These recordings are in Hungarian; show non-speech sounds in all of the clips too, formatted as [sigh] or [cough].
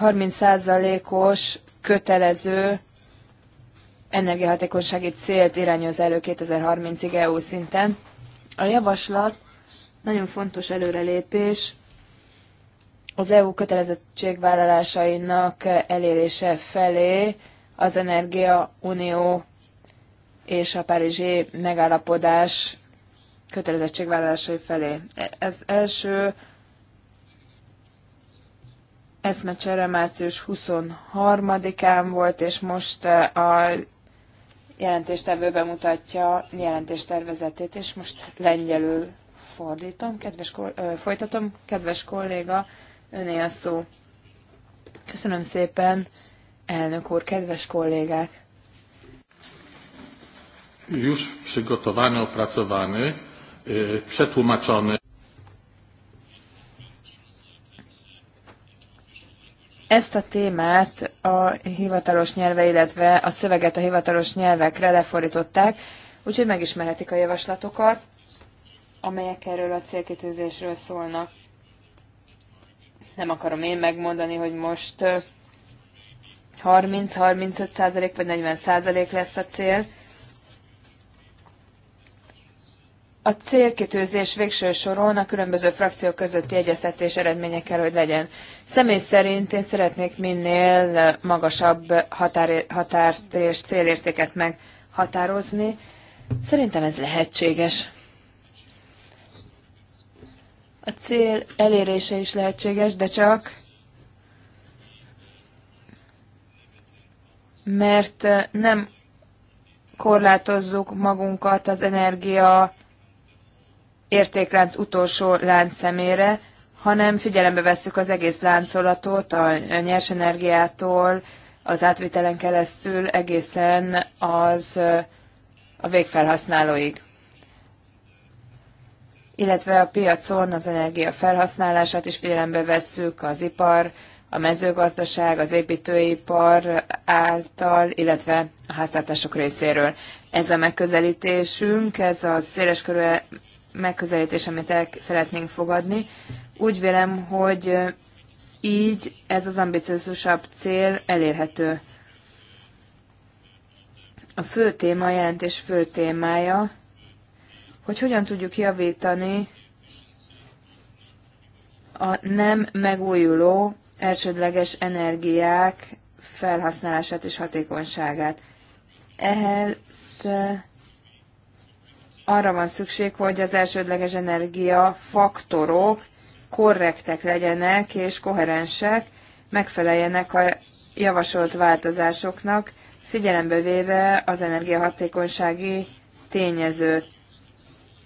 30%-os kötelező energiahatékonysági célt irányoz elő 2030-ig EU szinten. A javaslat nagyon fontos előrelépés az EU kötelezettségvállalásainak elérése felé az Energia Unió és a Párizsi megállapodás kötelezettségvállalásai felé. Ez első eszmecsere március 23-án volt, és most eh, a jelentéstevő bemutatja jelentéstervezetét, és most lengyelül fordítom, kedves, folytatom, kedves kolléga, öné a szó. Köszönöm szépen, elnök úr, kedves kollégák! Już przygotowany, opracowany, e, przetłumaczony. Ezt a témát a hivatalos nyelve, illetve a szöveget a hivatalos nyelvekre lefordították, úgyhogy megismerhetik a javaslatokat, amelyek erről a célkitűzésről szólnak. Nem akarom én megmondani, hogy most 30-35% vagy 40% lesz a cél, a célkitűzés végső soron a különböző frakciók közötti egyeztetés eredménye kell, hogy legyen. Személy szerint én szeretnék minél magasabb határ, határt és célértéket meghatározni. Szerintem ez lehetséges. A cél elérése is lehetséges, de csak mert nem korlátozzuk magunkat az energia értéklánc utolsó láncszemére, hanem figyelembe veszük az egész láncolatot, a nyers energiától, az átvitelen keresztül egészen az a végfelhasználóig illetve a piacon az energia felhasználását is figyelembe vesszük, az ipar, a mezőgazdaság, az építőipar által, illetve a háztartások részéről. Ez a megközelítésünk, ez a széleskörű megközelítés, amit el szeretnénk fogadni. Úgy vélem, hogy így ez az ambiciózusabb cél elérhető. A fő téma, a jelentés fő témája, hogy hogyan tudjuk javítani a nem megújuló elsődleges energiák felhasználását és hatékonyságát. Ehhez arra van szükség, hogy az elsődleges energia faktorok korrektek legyenek és koherensek, megfeleljenek a javasolt változásoknak, figyelembe véve az energiahatékonysági tényezőt.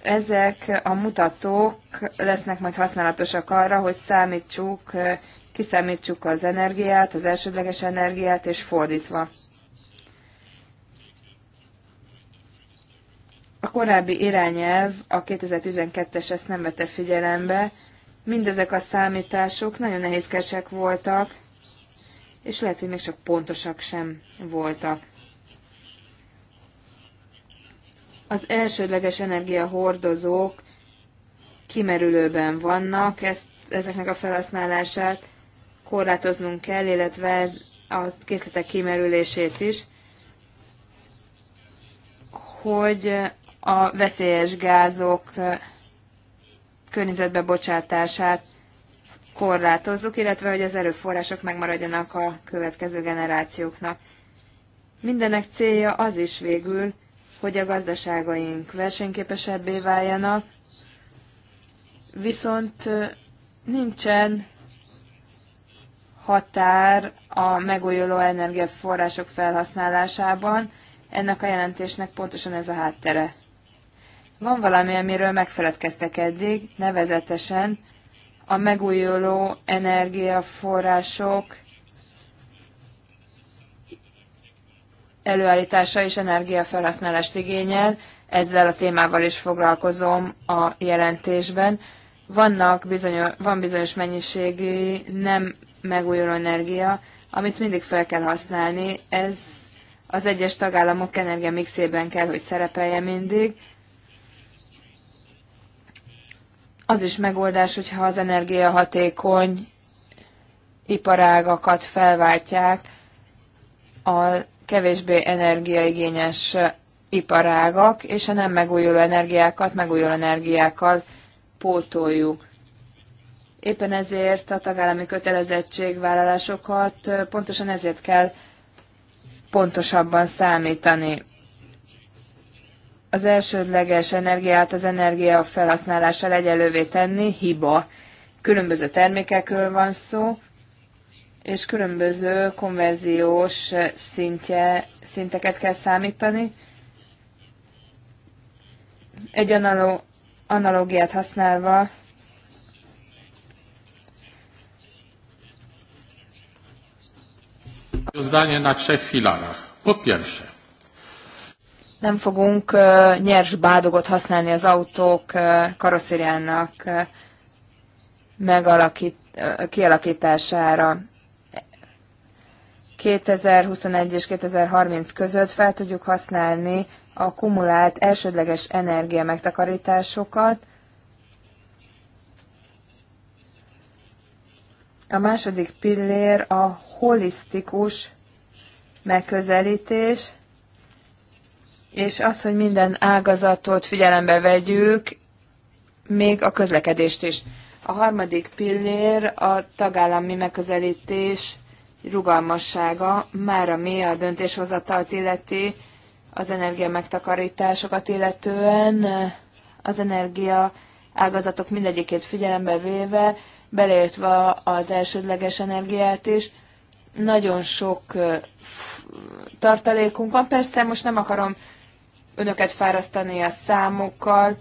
Ezek a mutatók lesznek majd használatosak arra, hogy számítsuk, kiszámítsuk az energiát, az elsődleges energiát, és fordítva. A korábbi irányelv, a 2012-es ezt nem vette figyelembe. Mindezek a számítások nagyon nehézkesek voltak, és lehet, hogy még csak pontosak sem voltak. Az elsődleges energiahordozók kimerülőben vannak, ezt, ezeknek a felhasználását korlátoznunk kell, illetve ez a készletek kimerülését is, hogy a veszélyes gázok környezetbe bocsátását korlátozzuk, illetve hogy az erőforrások megmaradjanak a következő generációknak. Mindenek célja az is végül, hogy a gazdaságaink versenyképesebbé váljanak, viszont nincsen határ a megújuló energiaforrások felhasználásában, ennek a jelentésnek pontosan ez a háttere. Van valami, amiről megfeledkeztek eddig, nevezetesen a megújuló energiaforrások előállítása és energiafelhasználást igényel, ezzel a témával is foglalkozom a jelentésben. Vannak bizonyos, van bizonyos mennyiségű nem megújuló energia, amit mindig fel kell használni. Ez az egyes tagállamok energia mixében kell, hogy szerepelje mindig. Az is megoldás, hogyha az energiahatékony iparágakat felváltják a kevésbé energiaigényes iparágak, és a nem megújuló energiákat megújuló energiákkal pótoljuk. Éppen ezért a tagállami kötelezettségvállalásokat pontosan ezért kell pontosabban számítani az elsődleges energiát az energia felhasználással egyelővé tenni hiba. Különböző termékekről van szó, és különböző konverziós szintje, szinteket kell számítani. Egy analó, analógiát használva Zdanie na trzech filarach. Po pierwsze, nem fogunk nyers bádogot használni az autók karosszériának megalakít, kialakítására. 2021 és 2030 között fel tudjuk használni a kumulált elsődleges energia megtakarításokat. A második pillér a holisztikus megközelítés – és az, hogy minden ágazatot figyelembe vegyük, még a közlekedést is. A harmadik pillér a tagállami megközelítés rugalmassága, már a mi a döntéshozatalt illeti, az energia megtakarításokat illetően, az energia ágazatok mindegyikét figyelembe véve, beleértve az elsődleges energiát is, nagyon sok eh, tartalékunk van. Persze most nem akarom önöket fárasztani a számokkal,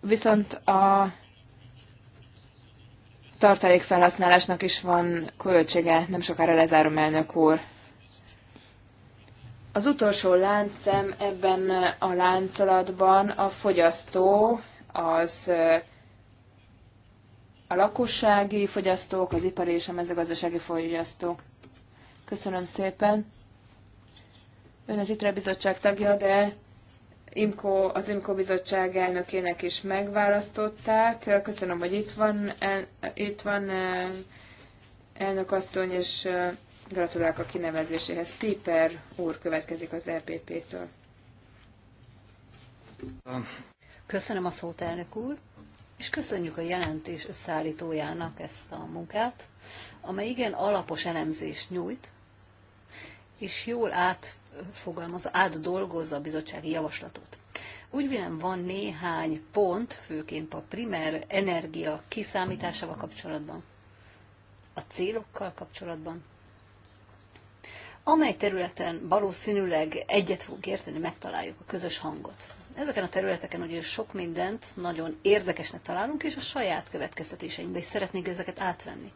viszont a tartalékfelhasználásnak is van költsége, nem sokára lezárom elnök úr. Az utolsó láncszem ebben a láncolatban a fogyasztó, az a lakossági fogyasztók, az ipari és a mezőgazdasági fogyasztók. Köszönöm szépen. Ön az ITRE bizottság tagja, de IMKO, az IMKO bizottság elnökének is megválasztották. Köszönöm, hogy itt van, el, itt van eh, elnök asszony, és eh, gratulálok a kinevezéséhez. Piper úr következik az rpp e től Köszönöm a szót, elnök úr, és köszönjük a jelentés összeállítójának ezt a munkát, amely igen alapos elemzést nyújt és jól átfogalmaz, átdolgozza a bizottsági javaslatot. Úgy vélem van néhány pont, főként a primer energia kiszámításával kapcsolatban, a célokkal kapcsolatban, amely területen valószínűleg egyet fog érteni, megtaláljuk a közös hangot ezeken a területeken ugye sok mindent nagyon érdekesnek találunk, és a saját következtetéseinkbe is szeretnénk ezeket átvenni.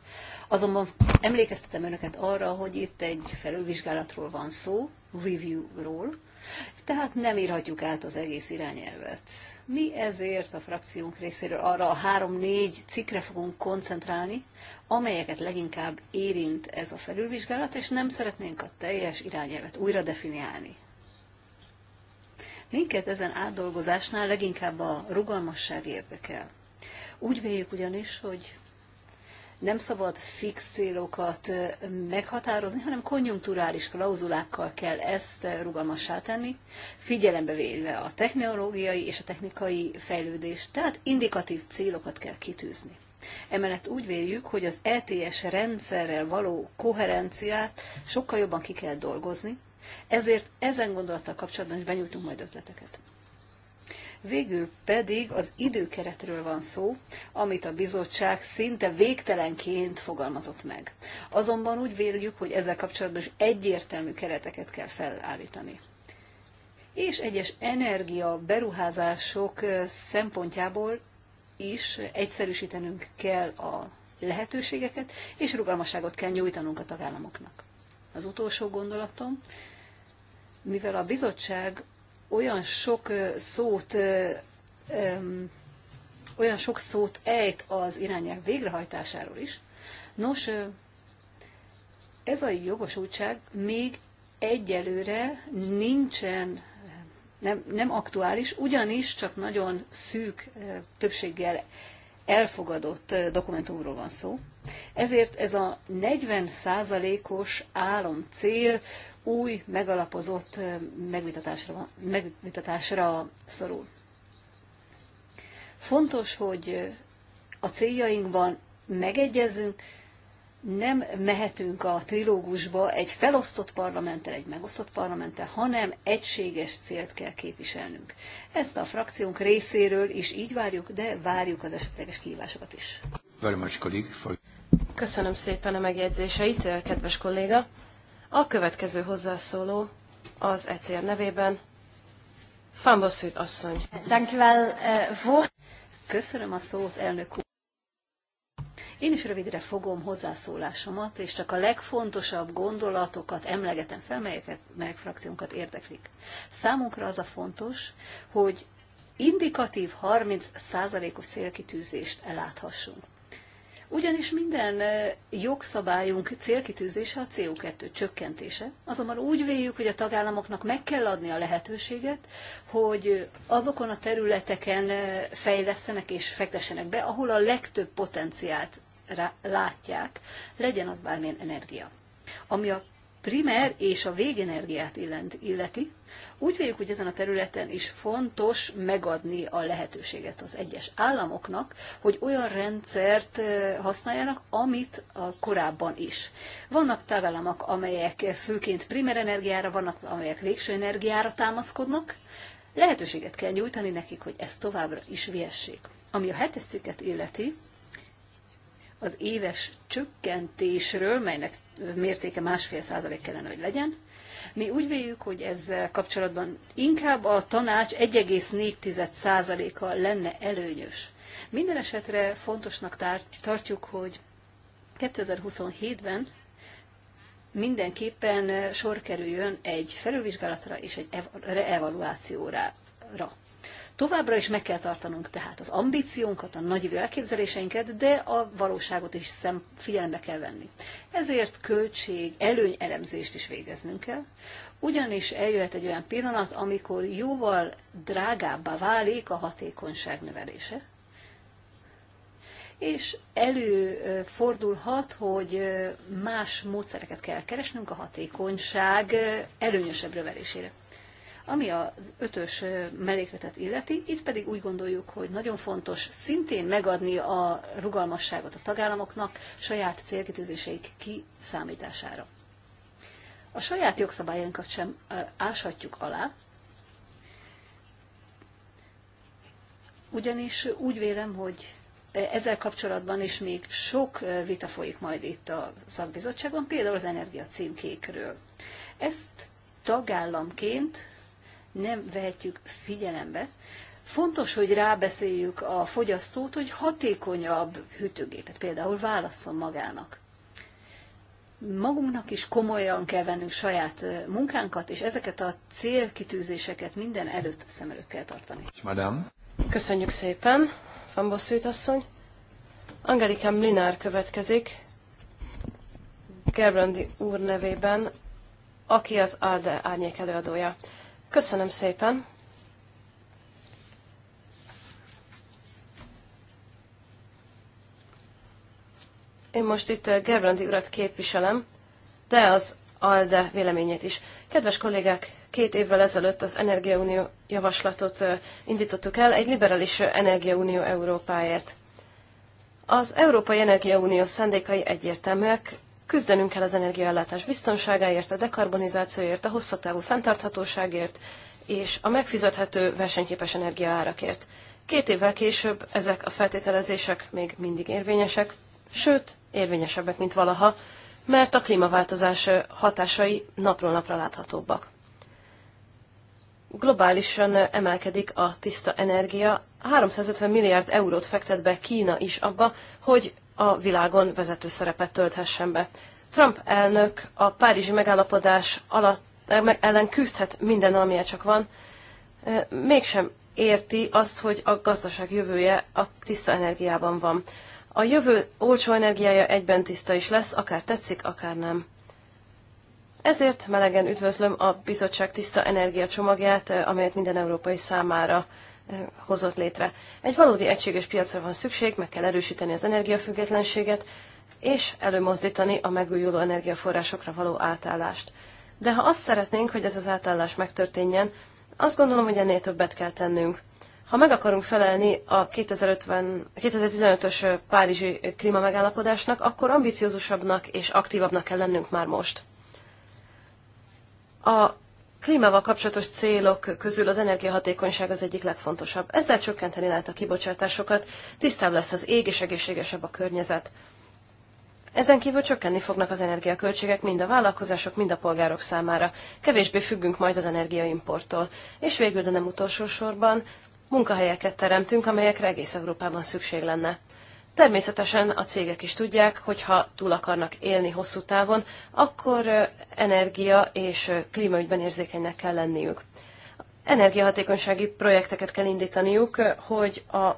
Azonban emlékeztetem önöket arra, hogy itt egy felülvizsgálatról van szó, review-ról, tehát nem írhatjuk át az egész irányelvet. Mi ezért a frakciónk részéről arra a három-négy cikkre fogunk koncentrálni, amelyeket leginkább érint ez a felülvizsgálat, és nem szeretnénk a teljes irányelvet újra definiálni. Minket ezen átdolgozásnál leginkább a rugalmasság érdekel. Úgy véljük ugyanis, hogy nem szabad fix célokat meghatározni, hanem konjunkturális klauzulákkal kell ezt rugalmassá tenni, figyelembe véve a technológiai és a technikai fejlődést, tehát indikatív célokat kell kitűzni. Emellett úgy véljük, hogy az ETS rendszerrel való koherenciát sokkal jobban ki kell dolgozni, ezért ezen gondolattal kapcsolatban is benyújtunk majd ötleteket. Végül pedig az időkeretről van szó, amit a bizottság szinte végtelenként fogalmazott meg. Azonban úgy véljük, hogy ezzel kapcsolatban is egyértelmű kereteket kell felállítani. És egyes energia beruházások szempontjából is egyszerűsítenünk kell a lehetőségeket, és rugalmasságot kell nyújtanunk a tagállamoknak. Az utolsó gondolatom, mivel a bizottság olyan sok szót olyan sok szót ejt az irányelv végrehajtásáról is. Nos, ez a jogosultság még egyelőre nincsen, nem, nem aktuális, ugyanis csak nagyon szűk többséggel elfogadott dokumentumról van szó. Ezért ez a 40%-os cél új, megalapozott megvitatásra, megvitatásra szorul. Fontos, hogy a céljainkban megegyezzünk, nem mehetünk a trilógusba egy felosztott parlamenttel, egy megosztott parlamenttel, hanem egységes célt kell képviselnünk. Ezt a frakciónk részéről is így várjuk, de várjuk az esetleges kihívásokat is. Köszönöm szépen a megjegyzéseit, kedves kolléga. A következő hozzászóló az ECR nevében Fambosszűt asszony. Uh, Köszönöm a szót, elnök úr. Én is rövidre fogom hozzászólásomat, és csak a legfontosabb gondolatokat emlegetem fel, melyeket, melyek frakciónkat érdeklik. Számunkra az a fontos, hogy indikatív 30%-os célkitűzést eláthassunk. Ugyanis minden jogszabályunk célkitűzése a CO2 csökkentése, azonban úgy véljük, hogy a tagállamoknak meg kell adni a lehetőséget, hogy azokon a területeken fejlesztenek és fektessenek be, ahol a legtöbb potenciált látják, legyen az bármilyen energia. Ami a primer és a végenergiát illeti, úgy véljük, hogy ezen a területen is fontos megadni a lehetőséget az egyes államoknak, hogy olyan rendszert használjanak, amit a korábban is. Vannak tagállamok, amelyek főként primer energiára, vannak, amelyek végső energiára támaszkodnak. Lehetőséget kell nyújtani nekik, hogy ezt továbbra is viessék. Ami a hetes cikket illeti, az éves csökkentésről, melynek mértéke másfél százalék kellene, hogy legyen. Mi úgy véljük, hogy ezzel kapcsolatban inkább a tanács 1,4%-a lenne előnyös. Minden esetre fontosnak tartjuk, hogy 2027-ben mindenképpen sor kerüljön egy felülvizsgálatra és egy reevaluációra. Továbbra is meg kell tartanunk tehát az ambíciónkat, a nagyívű elképzeléseinket, de a valóságot is szem figyelembe kell venni. Ezért költség, előny elemzést is végeznünk kell, ugyanis eljöhet egy olyan pillanat, amikor jóval drágábbá válik a hatékonyság növelése, és előfordulhat, hogy más módszereket kell keresnünk a hatékonyság előnyösebb növelésére. Ami az ötös mellékletet illeti, itt pedig úgy gondoljuk, hogy nagyon fontos szintén megadni a rugalmasságot a tagállamoknak saját célkitűzéseik kiszámítására. A saját jogszabályainkat sem áshatjuk alá, ugyanis úgy vélem, hogy ezzel kapcsolatban is még sok vita folyik majd itt a szakbizottságban, például az energia címkékről. Ezt tagállamként nem vehetjük figyelembe. Fontos, hogy rábeszéljük a fogyasztót, hogy hatékonyabb hűtőgépet például válasszon magának. Magunknak is komolyan kell vennünk saját munkánkat, és ezeket a célkitűzéseket minden előtt szem előtt kell tartani. Madame. Köszönjük szépen, Van Bosszűt asszony. Angelika Mlinár következik, Gerbrandi úr nevében, aki az ALDE árnyék előadója. Köszönöm szépen. Én most itt eh, Gerbrandi urat képviselem, de az ALDE véleményét is. Kedves kollégák, két évvel ezelőtt az Energiaunió javaslatot eh, indítottuk el, egy liberális eh, Energiaunió Európáért. Az Európai Energiaunió szándékai egyértelműek, Küzdenünk kell az energiaellátás biztonságáért, a dekarbonizációért, a hosszatávú fenntarthatóságért és a megfizethető versenyképes energiaárakért. Két évvel később ezek a feltételezések még mindig érvényesek, sőt, érvényesebbek, mint valaha, mert a klímaváltozás hatásai napról napra láthatóbbak. Globálisan emelkedik a tiszta energia, 350 milliárd eurót fektet be Kína is abba, hogy a világon vezető szerepet tölthessen be. Trump elnök a párizsi megállapodás alatt, eh, ellen küzdhet minden, amilyen csak van, eh, mégsem érti azt, hogy a gazdaság jövője a tiszta energiában van. A jövő olcsó energiája egyben tiszta is lesz, akár tetszik, akár nem. Ezért melegen üdvözlöm a bizottság tiszta energia csomagját, eh, amelyet minden európai számára hozott létre. Egy valódi egységes piacra van szükség, meg kell erősíteni az energiafüggetlenséget, és előmozdítani a megújuló energiaforrásokra való átállást. De ha azt szeretnénk, hogy ez az átállás megtörténjen, azt gondolom, hogy ennél többet kell tennünk. Ha meg akarunk felelni a 2050, 2015-ös Párizsi klímamegállapodásnak, akkor ambiciózusabbnak és aktívabbnak kell lennünk már most. A klímával kapcsolatos célok közül az energiahatékonyság az egyik legfontosabb. Ezzel csökkenteni lehet a kibocsátásokat, tisztább lesz az ég és egészségesebb a környezet. Ezen kívül csökkenni fognak az energiaköltségek mind a vállalkozások, mind a polgárok számára. Kevésbé függünk majd az energiaimporttól. És végül, de nem utolsó sorban, munkahelyeket teremtünk, amelyekre egész Európában szükség lenne. Természetesen a cégek is tudják, hogy ha túl akarnak élni hosszú távon, akkor energia és klímaügyben érzékenynek kell lenniük. Energiahatékonysági projekteket kell indítaniuk, hogy a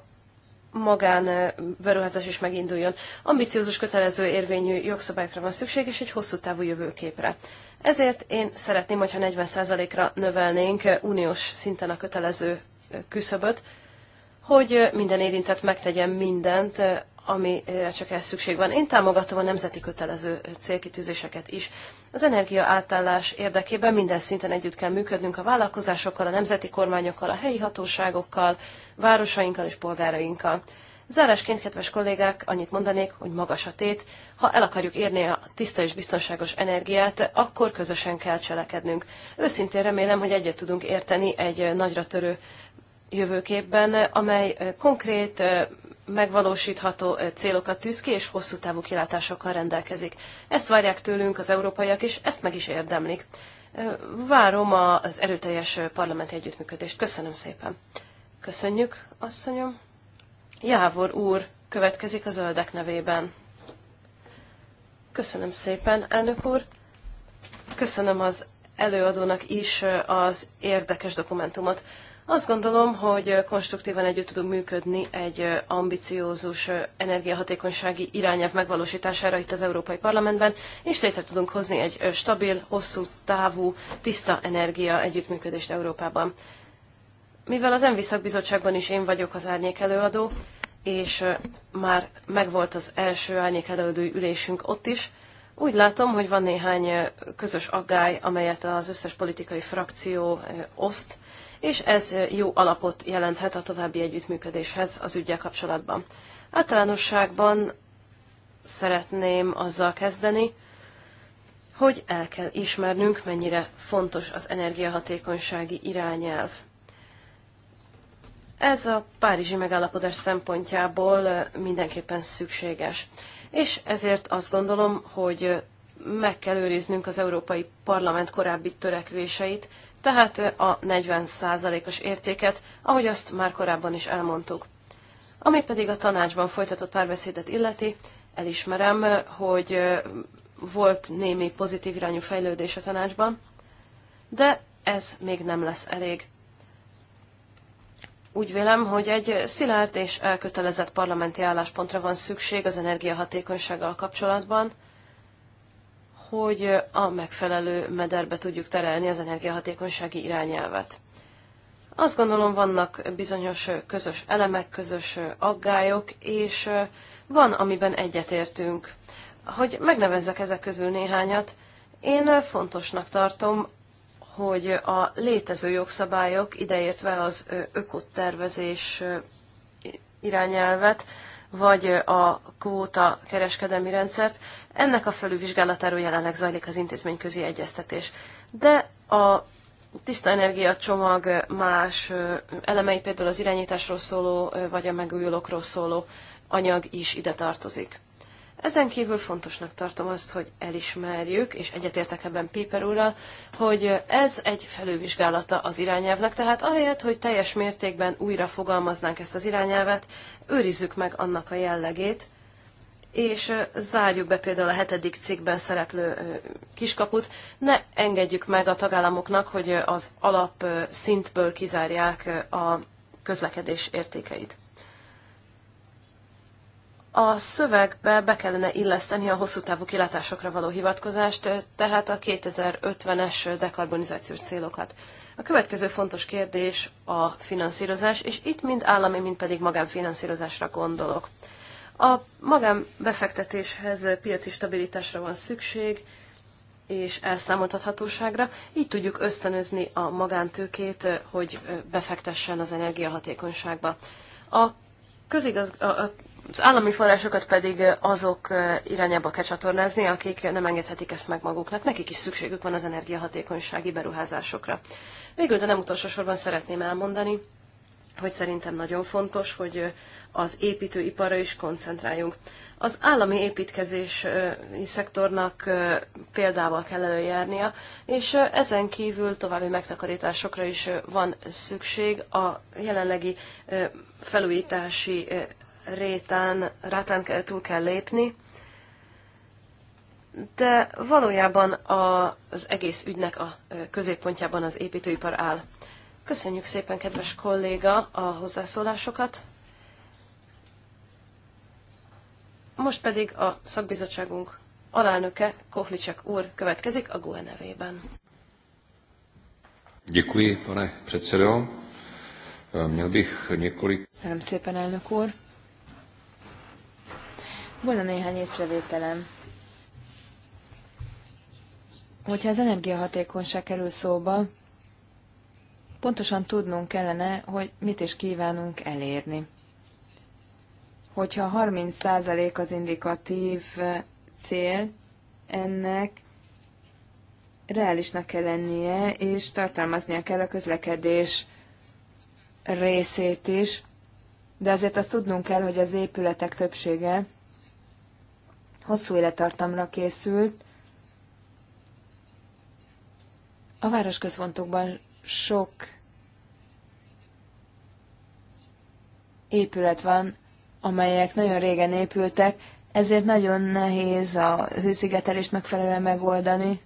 magán beruházás is meginduljon. Ambiciózus kötelező érvényű jogszabályokra van szükség, és egy hosszú távú jövőképre. Ezért én szeretném, hogyha 40%-ra növelnénk uniós szinten a kötelező küszöböt, hogy minden érintett megtegyen mindent, amire csak ez szükség van. Én támogatom a nemzeti kötelező célkitűzéseket is. Az energia átállás érdekében minden szinten együtt kell működnünk a vállalkozásokkal, a nemzeti kormányokkal, a helyi hatóságokkal, városainkkal és polgárainkkal. Zárásként, kedves kollégák, annyit mondanék, hogy magas a tét. Ha el akarjuk érni a tiszta és biztonságos energiát, akkor közösen kell cselekednünk. Őszintén remélem, hogy egyet tudunk érteni egy nagyra törő jövőképben, amely konkrét, megvalósítható célokat tűz ki, és hosszú távú kilátásokkal rendelkezik. Ezt várják tőlünk az európaiak, és ezt meg is érdemlik. Várom az erőteljes parlamenti együttműködést. Köszönöm szépen. Köszönjük, asszonyom. Jávor úr következik a zöldek nevében. Köszönöm szépen, elnök úr. Köszönöm az előadónak is az érdekes dokumentumot. Azt gondolom, hogy konstruktívan együtt tudunk működni egy ambiciózus energiahatékonysági irányelv megvalósítására itt az Európai Parlamentben, és létre tudunk hozni egy stabil, hosszú távú, tiszta energia együttműködést Európában. Mivel az ENVI szakbizottságban is én vagyok az árnyék előadó, és már megvolt az első árnyék előadó ülésünk ott is, úgy látom, hogy van néhány közös aggály, amelyet az összes politikai frakció oszt, és ez jó alapot jelenthet a további együttműködéshez az ügyel kapcsolatban. Általánosságban szeretném azzal kezdeni, hogy el kell ismernünk, mennyire fontos az energiahatékonysági irányelv. Ez a párizsi megállapodás szempontjából mindenképpen szükséges. És ezért azt gondolom, hogy meg kell őriznünk az Európai Parlament korábbi törekvéseit, tehát a 40%-os értéket, ahogy azt már korábban is elmondtuk. Ami pedig a tanácsban folytatott párbeszédet illeti, elismerem, hogy volt némi pozitív irányú fejlődés a tanácsban, de ez még nem lesz elég. Úgy vélem, hogy egy szilárd és elkötelezett parlamenti álláspontra van szükség az energiahatékonysággal kapcsolatban, hogy a megfelelő mederbe tudjuk terelni az energiahatékonysági irányelvet. Azt gondolom, vannak bizonyos közös elemek, közös aggályok, és van, amiben egyetértünk. Hogy megnevezzek ezek közül néhányat, én fontosnak tartom, hogy a létező jogszabályok, ideértve az ökotervezés irányelvet, vagy a kvóta kereskedelmi rendszert, ennek a felülvizsgálatáról jelenleg zajlik az intézményközi egyeztetés. De a tiszta energia csomag más elemei, például az irányításról szóló, vagy a megújulókról szóló anyag is ide tartozik. Ezen kívül fontosnak tartom azt, hogy elismerjük, és egyetértek ebben Piper úrral, hogy ez egy felülvizsgálata az irányelvnek, tehát ahelyett, hogy teljes mértékben újra fogalmaznánk ezt az irányelvet, őrizzük meg annak a jellegét, és zárjuk be például a hetedik cikkben szereplő kiskaput. Ne engedjük meg a tagállamoknak, hogy az alap szintből kizárják a közlekedés értékeit. A szövegbe be kellene illeszteni a hosszú távú kilátásokra való hivatkozást, tehát a 2050-es dekarbonizációs célokat. A következő fontos kérdés a finanszírozás, és itt mind állami, mind pedig magánfinanszírozásra gondolok. A magánbefektetéshez piaci stabilitásra van szükség, és elszámoltathatóságra. Így tudjuk ösztönözni a magántőkét, hogy befektessen az energiahatékonyságba. A közigaz... az állami forrásokat pedig azok irányába kell csatornázni, akik nem engedhetik ezt meg maguknak. Nekik is szükségük van az energiahatékonysági beruházásokra. Végül, de nem utolsó sorban szeretném elmondani, hogy szerintem nagyon fontos, hogy az építőiparra is koncentráljunk. Az állami építkezés szektornak példával kell előjárnia, és ezen kívül további megtakarításokra is van szükség a jelenlegi felújítási rétán, rátán túl kell lépni, de valójában az egész ügynek a középpontjában az építőipar áll. Köszönjük szépen, kedves kolléga, a hozzászólásokat! Most pedig a szakbizottságunk alelnöke Kohlicsek úr következik a GUE nevében. Děkuji, pane předsedo. Měl bych několik... Köszönöm szépen, elnök úr. Volna néhány észrevételem. Hogyha az energiahatékonyság kerül szóba, pontosan tudnunk kellene, hogy mit is kívánunk elérni hogyha 30% az indikatív cél, ennek reálisnak kell lennie, és tartalmaznia kell a közlekedés részét is, de azért azt tudnunk kell, hogy az épületek többsége hosszú élettartamra készült. A városközpontokban sok épület van, amelyek nagyon régen épültek, ezért nagyon nehéz a hőszigetelést megfelelően megoldani.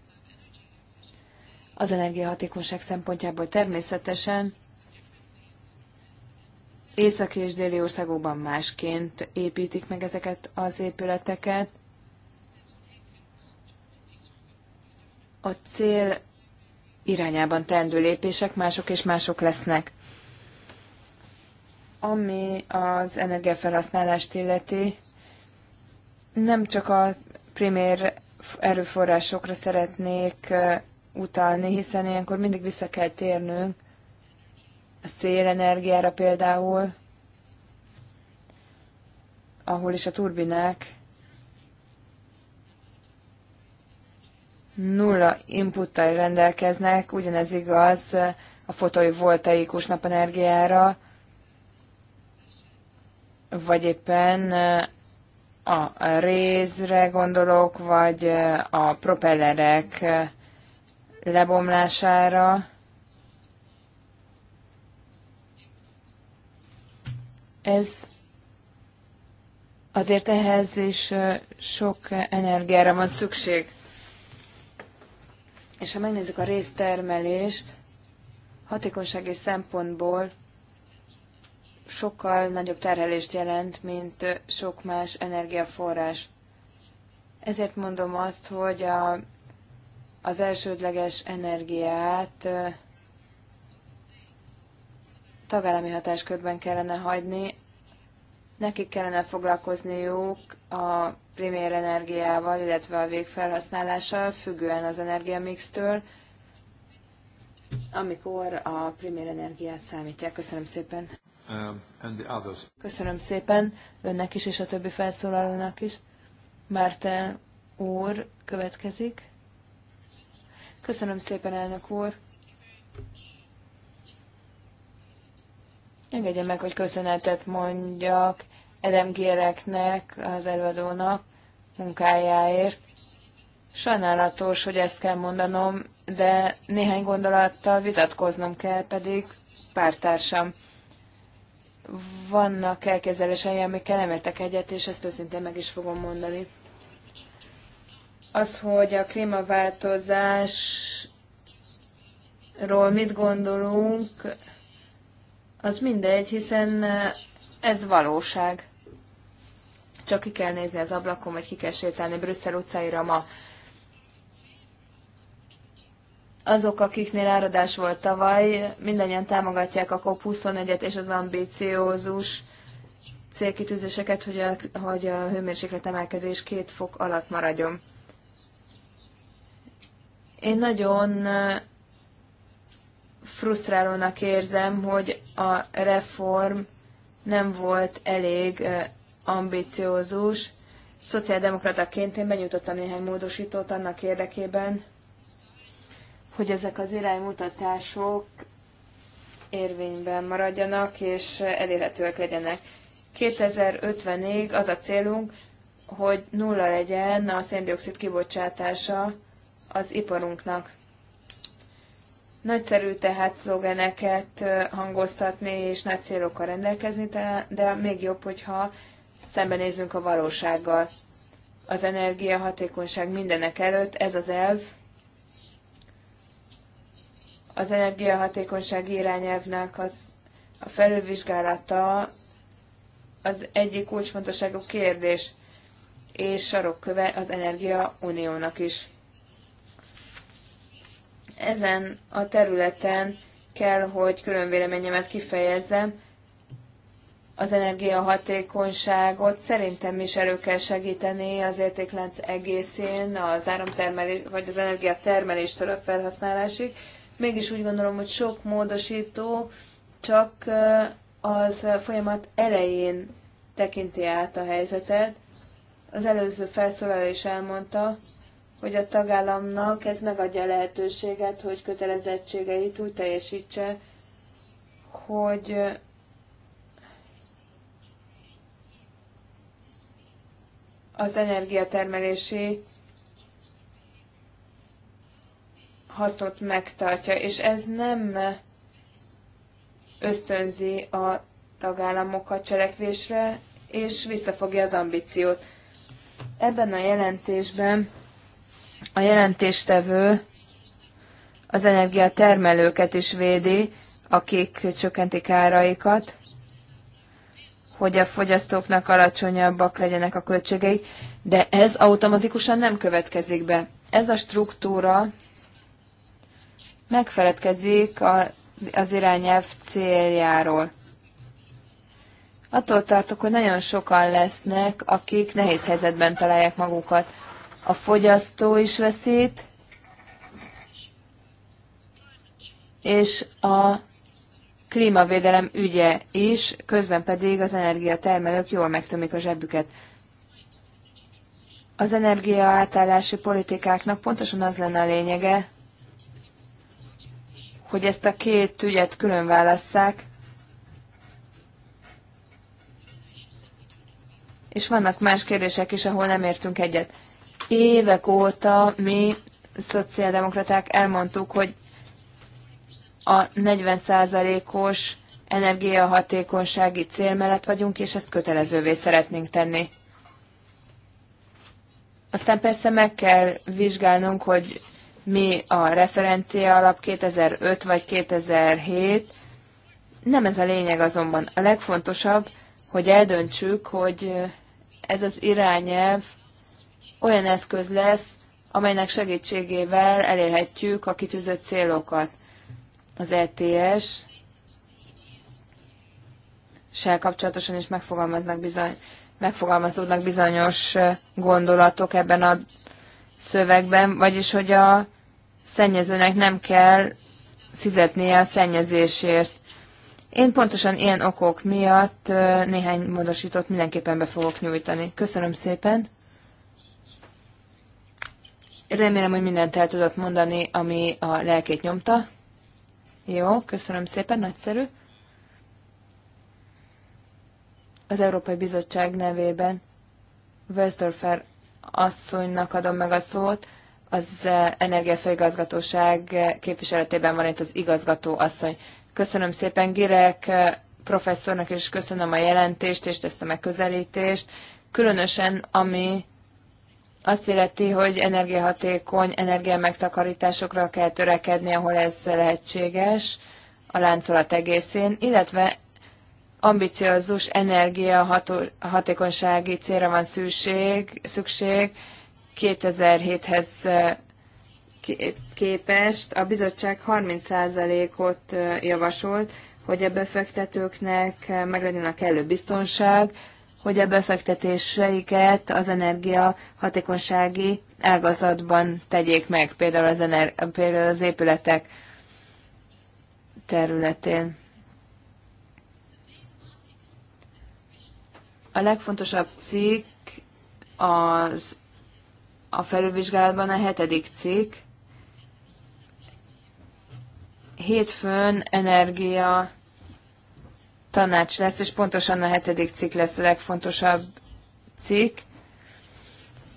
Az energiahatékonyság szempontjából természetesen északi és déli országokban másként építik meg ezeket az épületeket. A cél irányában teendő lépések mások és mások lesznek. Ami az energiafelhasználást illeti, nem csak a primér erőforrásokra szeretnék utalni, hiszen ilyenkor mindig vissza kell térnünk a szélenergiára például, ahol is a turbinák nulla inputtal rendelkeznek, ugyanez igaz a fotovoltaikus napenergiára, vagy éppen eh, a rézre gondolok, vagy eh, a propellerek eh, lebomlására. Ez azért ehhez is sok energiára van szükség. És ha megnézzük a résztermelést, hatékonysági szempontból sokkal nagyobb terhelést jelent, mint sok más energiaforrás. Ezért mondom azt, hogy a, az elsődleges energiát tagállami hatáskörben kellene hagyni, nekik kellene foglalkozniuk a primér energiával, illetve a végfelhasználással, függően az energiamixtől, amikor a primér energiát számítják. Köszönöm szépen. Um, Köszönöm szépen önnek is és a többi felszólalónak is. Márte úr következik. Köszönöm szépen, elnök úr. Engedje meg, hogy köszönetet mondjak Edem Géreknek, az előadónak munkájáért. Sajnálatos, hogy ezt kell mondanom, de néhány gondolattal vitatkoznom kell pedig pártársam vannak elképzelései, amikkel nem értek egyet, és ezt őszintén meg is fogom mondani. Az, hogy a klímaváltozásról mit gondolunk, az mindegy, hiszen ez valóság. Csak ki kell nézni az ablakon, vagy ki kell sétálni Brüsszel utcáira ma azok, akiknél áradás volt tavaly, mindannyian támogatják a COP21-et és az ambíciózus célkitűzéseket, hogy a, hogy a hőmérséklet emelkedés két fok alatt maradjon. Én nagyon frusztrálónak érzem, hogy a reform nem volt elég ambiciózus. Szociáldemokrataként én benyújtottam néhány módosítót annak érdekében, hogy ezek az iránymutatások érvényben maradjanak és elérhetőek legyenek. 2050-ig az a célunk, hogy nulla legyen a széndiokszid kibocsátása az iparunknak. Nagyszerű tehát szlogeneket hangoztatni és nagy célokkal rendelkezni, de még jobb, hogyha szembenézünk a valósággal. Az energiahatékonyság mindenek előtt, ez az elv, az energiahatékonysági irányelvnek az, a felülvizsgálata az egyik kulcsfontosságú kérdés, és sarokköve az Energia Uniónak is. Ezen a területen kell, hogy véleményemet kifejezzem, az energiahatékonyságot szerintem is elő kell segíteni az értéklánc egészén, az áramtermelés, vagy az energiatermeléstől a felhasználásig, Mégis úgy gondolom, hogy sok módosító csak az folyamat elején tekinti át a helyzetet. Az előző felszólaló is elmondta, hogy a tagállamnak ez megadja a lehetőséget, hogy kötelezettségeit úgy teljesítse, hogy az energiatermelési hasznot megtartja, és ez nem ösztönzi a tagállamokat cselekvésre, és visszafogja az ambíciót. Ebben a jelentésben a jelentéstevő az energiatermelőket is védi, akik csökkentik áraikat, hogy a fogyasztóknak alacsonyabbak legyenek a költségei, de ez automatikusan nem következik be. Ez a struktúra megfeledkezik a, az irányelv céljáról. Attól tartok, hogy nagyon sokan lesznek, akik nehéz helyzetben találják magukat. A fogyasztó is veszít, és a klímavédelem ügye is, közben pedig az energiatermelők jól megtömik a zsebüket. Az energia politikáknak pontosan az lenne a lényege, hogy ezt a két ügyet külön válasszák, és vannak más kérdések is, ahol nem értünk egyet. Évek óta mi, szociáldemokraták elmondtuk, hogy a 40%-os energiahatékonysági cél mellett vagyunk, és ezt kötelezővé szeretnénk tenni. Aztán persze meg kell vizsgálnunk, hogy mi a referencia alap 2005 vagy 2007. Nem ez a lényeg azonban. A legfontosabb, hogy eldöntsük, hogy ez az irányelv olyan eszköz lesz, amelynek segítségével elérhetjük a kitűzött célokat. Az ETS sel kapcsolatosan is megfogalmaznak bizony, megfogalmazódnak bizonyos gondolatok ebben a szövegben, vagyis hogy a szennyezőnek nem kell fizetnie a szennyezésért. Én pontosan ilyen okok miatt néhány módosítót mindenképpen be fogok nyújtani. Köszönöm szépen! Remélem, hogy mindent el tudott mondani, ami a lelkét nyomta. Jó, köszönöm szépen, nagyszerű. Az Európai Bizottság nevében Westerfer asszonynak adom meg a szót, az Energiafőigazgatóság képviseletében van itt az igazgató asszony. Köszönöm szépen Girek eh, professzornak, és köszönöm a jelentést és ezt a megközelítést, különösen ami azt illeti, hogy energiahatékony energiamegtakarításokra kell törekedni, ahol ez lehetséges a láncolat egészén, illetve ambiciózus energiahatékonysági célra van szükség, szükség 2007-hez eh, képest a bizottság 30%-ot eh, javasolt, hogy a befektetőknek eh, meglegyen a kellő biztonság, hogy a befektetéseiket az energia hatékonysági ágazatban tegyék meg, például az, ener- például az épületek területén. A legfontosabb cikk az a felülvizsgálatban a hetedik cikk. Hétfőn energia tanács lesz, és pontosan a hetedik cikk lesz a legfontosabb cikk.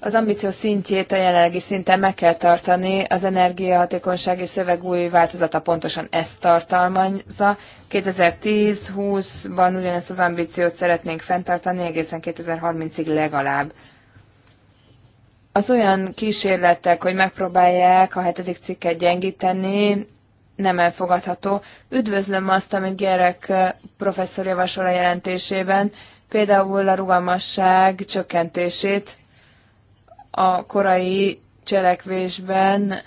Az ambíció szintjét a jelenlegi szinten meg kell tartani, az energiahatékonysági szöveg új változata pontosan ezt tartalmazza. 2010-20-ban ugyanezt az ambíciót szeretnénk fenntartani egészen 2030-ig legalább. Az olyan kísérletek, hogy megpróbálják a hetedik cikket gyengíteni, nem elfogadható. Üdvözlöm azt, amit Gerek professzor javasol a jelentésében, például a rugalmasság csökkentését a korai cselekvésben,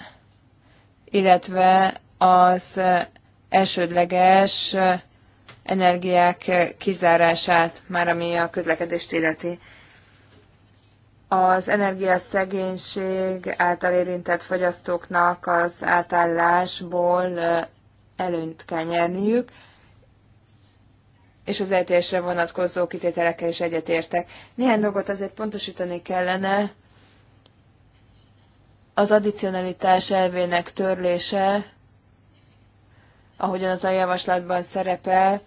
illetve az elsődleges energiák kizárását, már ami a közlekedést illeti az energiaszegénység által érintett fogyasztóknak az átállásból előnyt kell nyerniük, és az eltérésre vonatkozó kitételekkel is egyetértek. Néhány dolgot azért pontosítani kellene. Az addicionalitás elvének törlése, ahogyan az a javaslatban szerepel,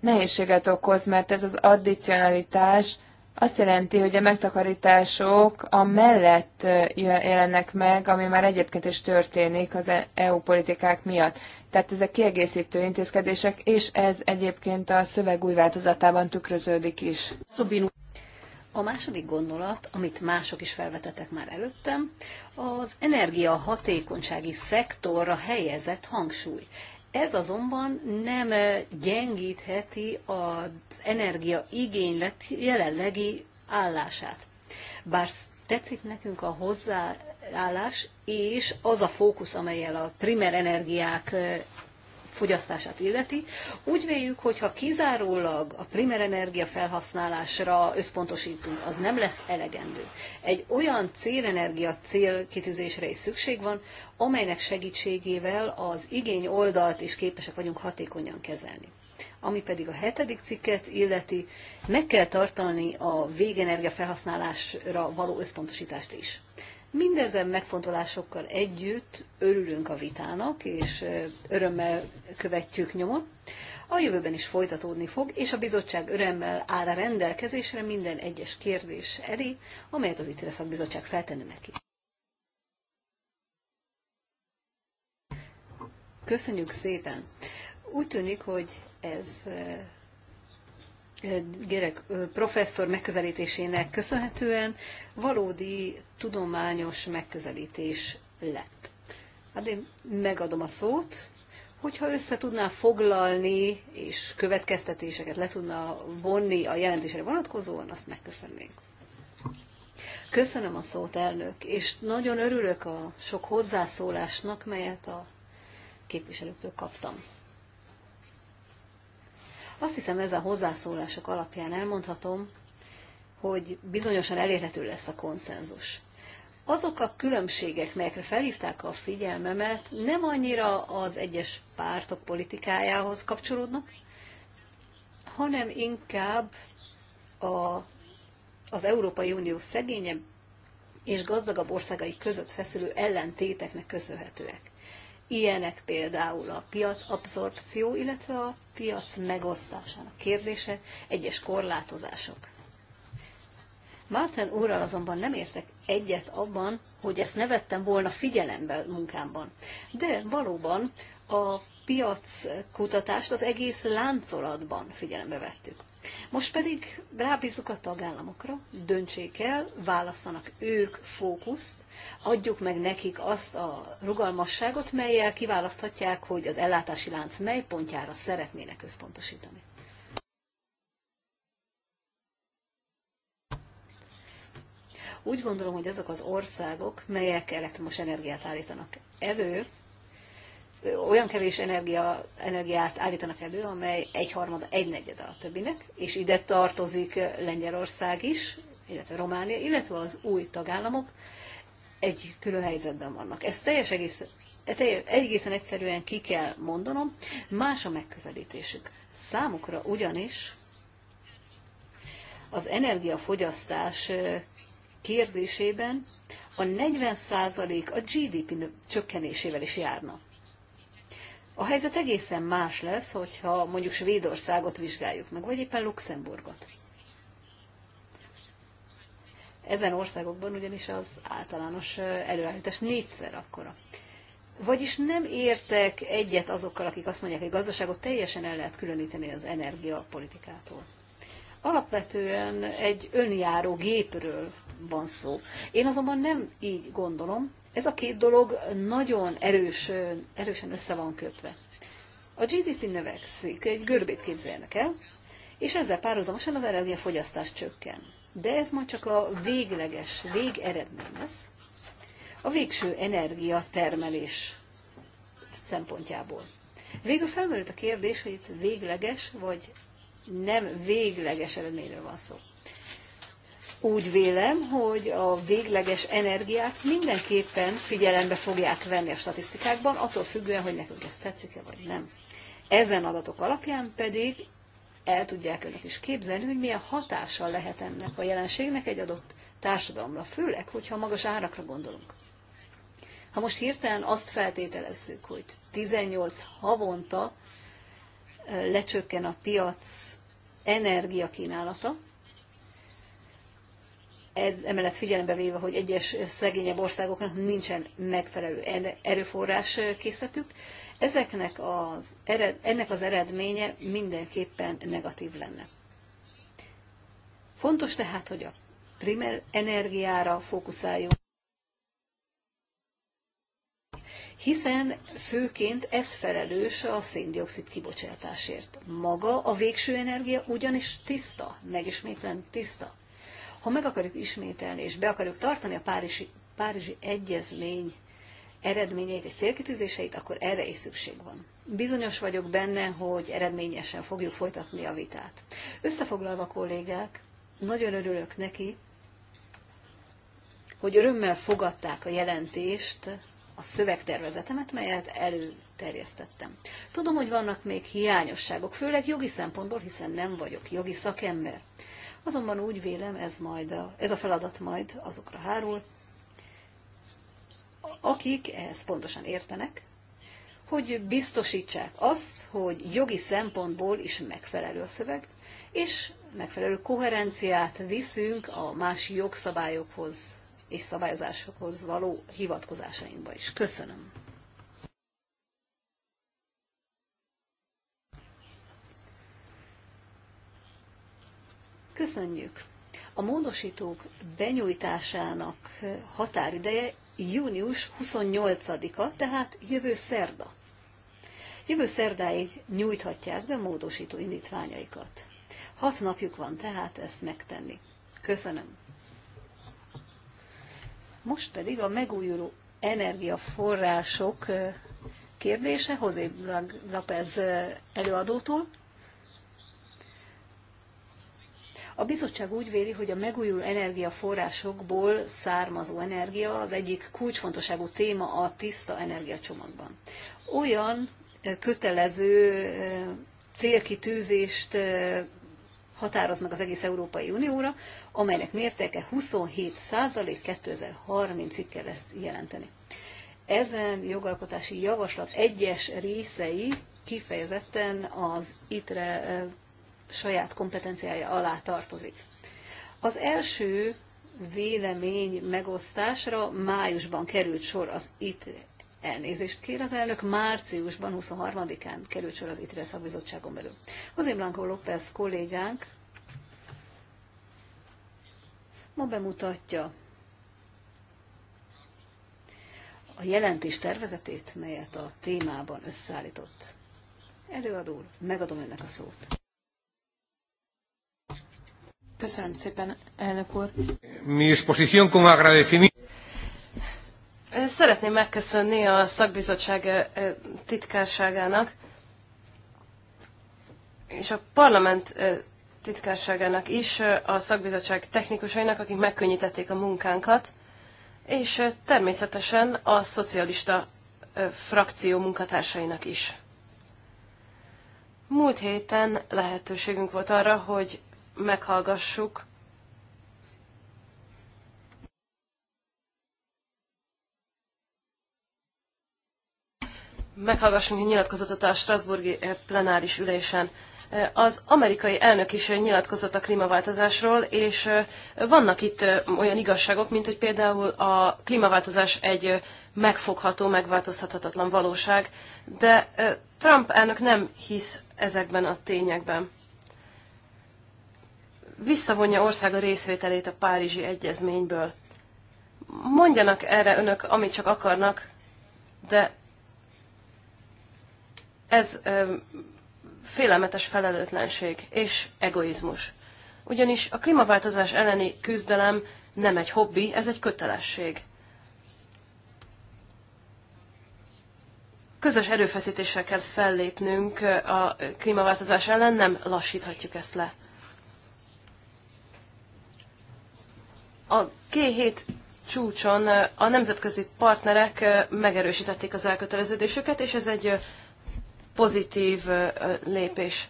nehézséget okoz, mert ez az addicionalitás – azt jelenti, hogy a megtakarítások a mellett jelennek meg, ami már egyébként is történik az e- EU politikák miatt. Tehát ezek kiegészítő intézkedések, és ez egyébként a szöveg új változatában tükröződik is. A második gondolat, amit mások is felvetettek már előttem, az energiahatékonysági szektorra helyezett hangsúly. Ez azonban nem gyengítheti az igénylet jelenlegi állását. Bár tetszik nekünk a hozzáállás és az a fókusz, amelyel a primer energiák fogyasztását illeti. Úgy véljük, hogy ha kizárólag a primer energia felhasználásra összpontosítunk, az nem lesz elegendő. Egy olyan célenergia célkitűzésre is szükség van, amelynek segítségével az igény oldalt is képesek vagyunk hatékonyan kezelni ami pedig a hetedik cikket illeti, meg kell tartani a végenergia felhasználásra való összpontosítást is. Mindezen megfontolásokkal együtt örülünk a vitának, és örömmel követjük nyomon. A jövőben is folytatódni fog, és a bizottság örömmel áll a rendelkezésre minden egyes kérdés elé, amelyet az ITRE bizottság feltenne neki. Köszönjük szépen! Úgy tűnik, hogy ez Gerek professzor megközelítésének köszönhetően valódi tudományos megközelítés lett. Hát én megadom a szót, hogyha össze tudná foglalni, és következtetéseket le tudna vonni a jelentésre vonatkozóan, azt megköszönnénk. Köszönöm a szót, elnök, és nagyon örülök a sok hozzászólásnak, melyet a képviselőktől kaptam. Azt hiszem ez a hozzászólások alapján elmondhatom, hogy bizonyosan elérhető lesz a konszenzus. Azok a különbségek, melyekre felhívták a figyelmemet, nem annyira az egyes pártok politikájához kapcsolódnak, hanem inkább a, az Európai Unió szegényebb és gazdagabb országai között feszülő ellentéteknek köszönhetőek. Ilyenek például a piac abszorpció, illetve a piac megosztásának kérdése, egyes korlátozások. Márten úrral azonban nem értek egyet abban, hogy ezt ne vettem volna figyelembe munkámban. De valóban a piac kutatást az egész láncolatban figyelembe vettük. Most pedig rábízunk a tagállamokra, döntsék el, válaszanak ők fókuszt, adjuk meg nekik azt a rugalmasságot, melyel kiválaszthatják, hogy az ellátási lánc mely pontjára szeretnének összpontosítani. Úgy gondolom, hogy azok az országok, melyek elektromos energiát állítanak elő, olyan kevés energia, energiát állítanak elő, amely egyharmada, egynegyede a többinek, és ide tartozik Lengyelország is, illetve Románia, illetve az új tagállamok, egy külön helyzetben vannak. Ez teljes egész, e egészen egyszerűen ki kell mondanom, más a megközelítésük. Számukra ugyanis az energiafogyasztás kérdésében a 40% a GDP csökkenésével is járna. A helyzet egészen más lesz, hogyha mondjuk Svédországot vizsgáljuk meg, vagy éppen Luxemburgot. Ezen országokban ugyanis az általános előállítás négyszer akkora. Vagyis nem értek egyet azokkal, akik azt mondják, hogy gazdaságot teljesen el lehet különíteni az energiapolitikától. Alapvetően egy önjáró gépről van szó. Én azonban nem így gondolom. Ez a két dolog nagyon erősen, erősen össze van kötve. A GDP növekszik, egy görbét képzeljenek el, és ezzel párhuzamosan az energiafogyasztás csökken de ez ma csak a végleges, végeredmény lesz, a végső energiatermelés szempontjából. Végül felmerült a kérdés, hogy itt végleges vagy nem végleges eredményről van szó. Úgy vélem, hogy a végleges energiát mindenképpen figyelembe fogják venni a statisztikákban, attól függően, hogy nekünk ez tetszik-e vagy nem. Ezen adatok alapján pedig el tudják önök is képzelni, hogy milyen hatással lehet ennek a jelenségnek egy adott társadalomra, főleg, hogyha magas árakra gondolunk. Ha most hirtelen azt feltételezzük, hogy 18 havonta lecsökken a piac energiakínálata, ez, emellett figyelembe véve, hogy egyes szegényebb országoknak nincsen megfelelő erőforrás készletük, Ezeknek az ered, ennek az eredménye mindenképpen negatív lenne. Fontos tehát, hogy a primer energiára fókuszáljunk, hiszen főként ez felelős a széndiokszid kibocsátásért. Maga a végső energia ugyanis tiszta, megismétlen tiszta. Ha meg akarjuk ismételni és be akarjuk tartani a Párizsi, Párizsi Egyezmény eredményeit és célkitűzéseit, akkor erre is szükség van. Bizonyos vagyok benne, hogy eredményesen fogjuk folytatni a vitát. Összefoglalva, kollégák, nagyon örülök neki, hogy örömmel fogadták a jelentést, a szövegtervezetemet, melyet előterjesztettem. Tudom, hogy vannak még hiányosságok, főleg jogi szempontból, hiszen nem vagyok jogi szakember. Azonban úgy vélem, ez, majd a, ez a feladat majd azokra hárul, akik ehhez pontosan értenek, hogy biztosítsák azt, hogy jogi szempontból is megfelelő a szöveg, és megfelelő koherenciát viszünk a más jogszabályokhoz és szabályozásokhoz való hivatkozásainkba is. Köszönöm. Köszönjük! A módosítók benyújtásának határideje június 28-a, tehát jövő szerda. Jövő szerdáig nyújthatják be módosító indítványaikat. Hat napjuk van tehát ezt megtenni. Köszönöm. Most pedig a megújuló energiaforrások eh, kérdése Hozé Lapez eh, előadótól. A bizottság úgy véli, hogy a megújuló energiaforrásokból származó energia az egyik kulcsfontosságú téma a tiszta energiacsomagban. Olyan kötelező célkitűzést határoz meg az egész Európai Unióra, amelynek mértéke 27 százalék 2030-ig kell ezt jelenteni. Ezen jogalkotási javaslat egyes részei kifejezetten az ITRE saját kompetenciája alá tartozik. Az első vélemény megosztásra májusban került sor az itt e. Elnézést kér az elnök, márciusban 23-án került sor az ITRE szakbizottságon belül. Hozé Blanco López kollégánk ma bemutatja a jelentés tervezetét, melyet a témában összeállított. Előadó, megadom önnek a szót. Köszönöm szépen, elnök úr. Mi is posición con agradecimiento. Szeretném megköszönni a szakbizottság eh, eh, titkárságának, és a parlament eh, titkárságának is, a szakbizottság technikusainak, akik megkönnyítették a munkánkat, és természetesen a szocialista frakció munkatársainak is. Múlt héten lehetőségünk volt arra, hogy meghallgassuk meghallgassunk egy nyilatkozatot a Strasburgi eh, plenáris ülésen. Eh, az amerikai elnök is nyilatkozott a klímaváltozásról, és eh, vannak itt olyan igazságok, mint hogy például a klímaváltozás egy megfogható, megváltozhatatlan valóság, de Trump elnök nem hisz ezekben a tényekben visszavonja országa részvételét a Párizsi Egyezményből. Mondjanak erre önök, amit csak akarnak, de ez ö, félelmetes felelőtlenség és egoizmus. Ugyanis a klímaváltozás elleni küzdelem nem egy hobbi, ez egy kötelesség. Közös erőfeszítéssel kell fellépnünk a klímaváltozás ellen, nem lassíthatjuk ezt le. A G7 csúcson a nemzetközi partnerek megerősítették az elköteleződésüket, és ez egy pozitív lépés.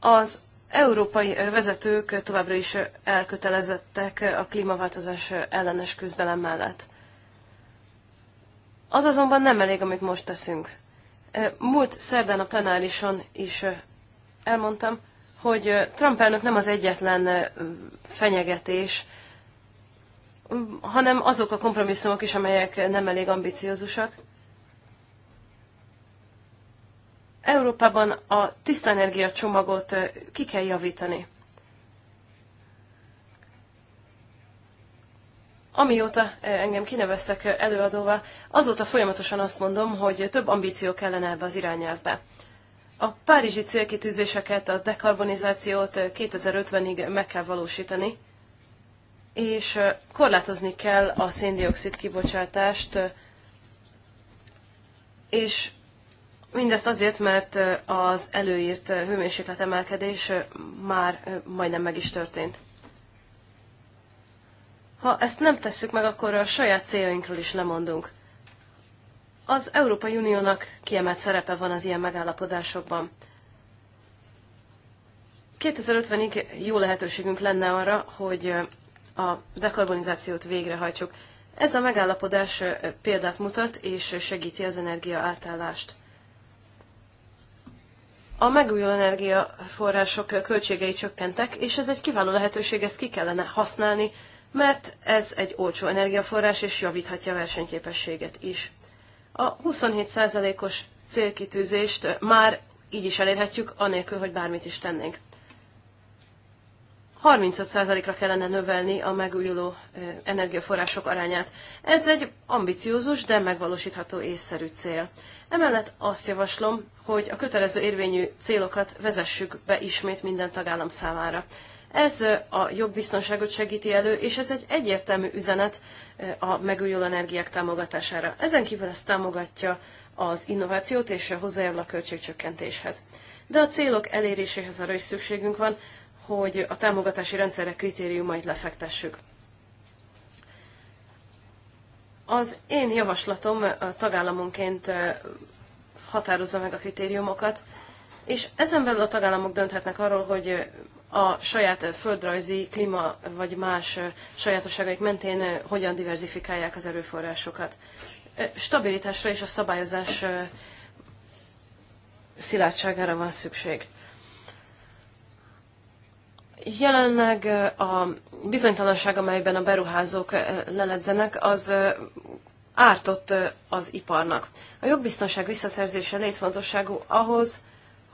Az európai vezetők továbbra is elkötelezettek a klímaváltozás ellenes küzdelem mellett. Az azonban nem elég, amit most teszünk. Múlt szerdán a plenárison is elmondtam, hogy Trump elnök nem az egyetlen fenyegetés, hanem azok a kompromisszumok is, amelyek nem elég ambiciózusak. Európában a tiszta energia csomagot ki kell javítani. Amióta engem kineveztek előadóval, azóta folyamatosan azt mondom, hogy több ambíció kellene ebbe az irányelvbe. A párizsi célkitűzéseket, a dekarbonizációt 2050-ig meg kell valósítani, és korlátozni kell a széndiokszid kibocsátást, és mindezt azért, mert az előírt hőmérsékletemelkedés már majdnem meg is történt. Ha ezt nem tesszük meg, akkor a saját céljainkról is lemondunk. Az Európai Uniónak kiemelt szerepe van az ilyen megállapodásokban. 2050-ig jó lehetőségünk lenne arra, hogy a dekarbonizációt végrehajtsuk. Ez a megállapodás példát mutat és segíti az energia átállást. A megújuló energiaforrások költségei csökkentek, és ez egy kiváló lehetőség, ezt ki kellene használni, mert ez egy olcsó energiaforrás, és javíthatja a versenyképességet is. A 27%-os célkitűzést már így is elérhetjük, anélkül, hogy bármit is tennénk. 35%-ra kellene növelni a megújuló energiaforrások arányát. Ez egy ambiciózus, de megvalósítható észszerű cél. Emellett azt javaslom, hogy a kötelező érvényű célokat vezessük be ismét minden tagállam számára. Ez a jogbiztonságot segíti elő, és ez egy egyértelmű üzenet a megújuló energiák támogatására. Ezen kívül ez támogatja az innovációt és hozzájárul a költségcsökkentéshez. De a célok eléréséhez arra is szükségünk van, hogy a támogatási rendszerek kritériumait lefektessük. Az én javaslatom a tagállamonként határozza meg a kritériumokat, és ezen belül a tagállamok dönthetnek arról, hogy a saját földrajzi, klíma vagy más sajátosságaik mentén hogyan diverzifikálják az erőforrásokat. Stabilitásra és a szabályozás szilárdságára van szükség. Jelenleg a bizonytalanság, amelyben a beruházók leledzenek, az ártott az iparnak. A jogbiztonság visszaszerzése létfontosságú ahhoz,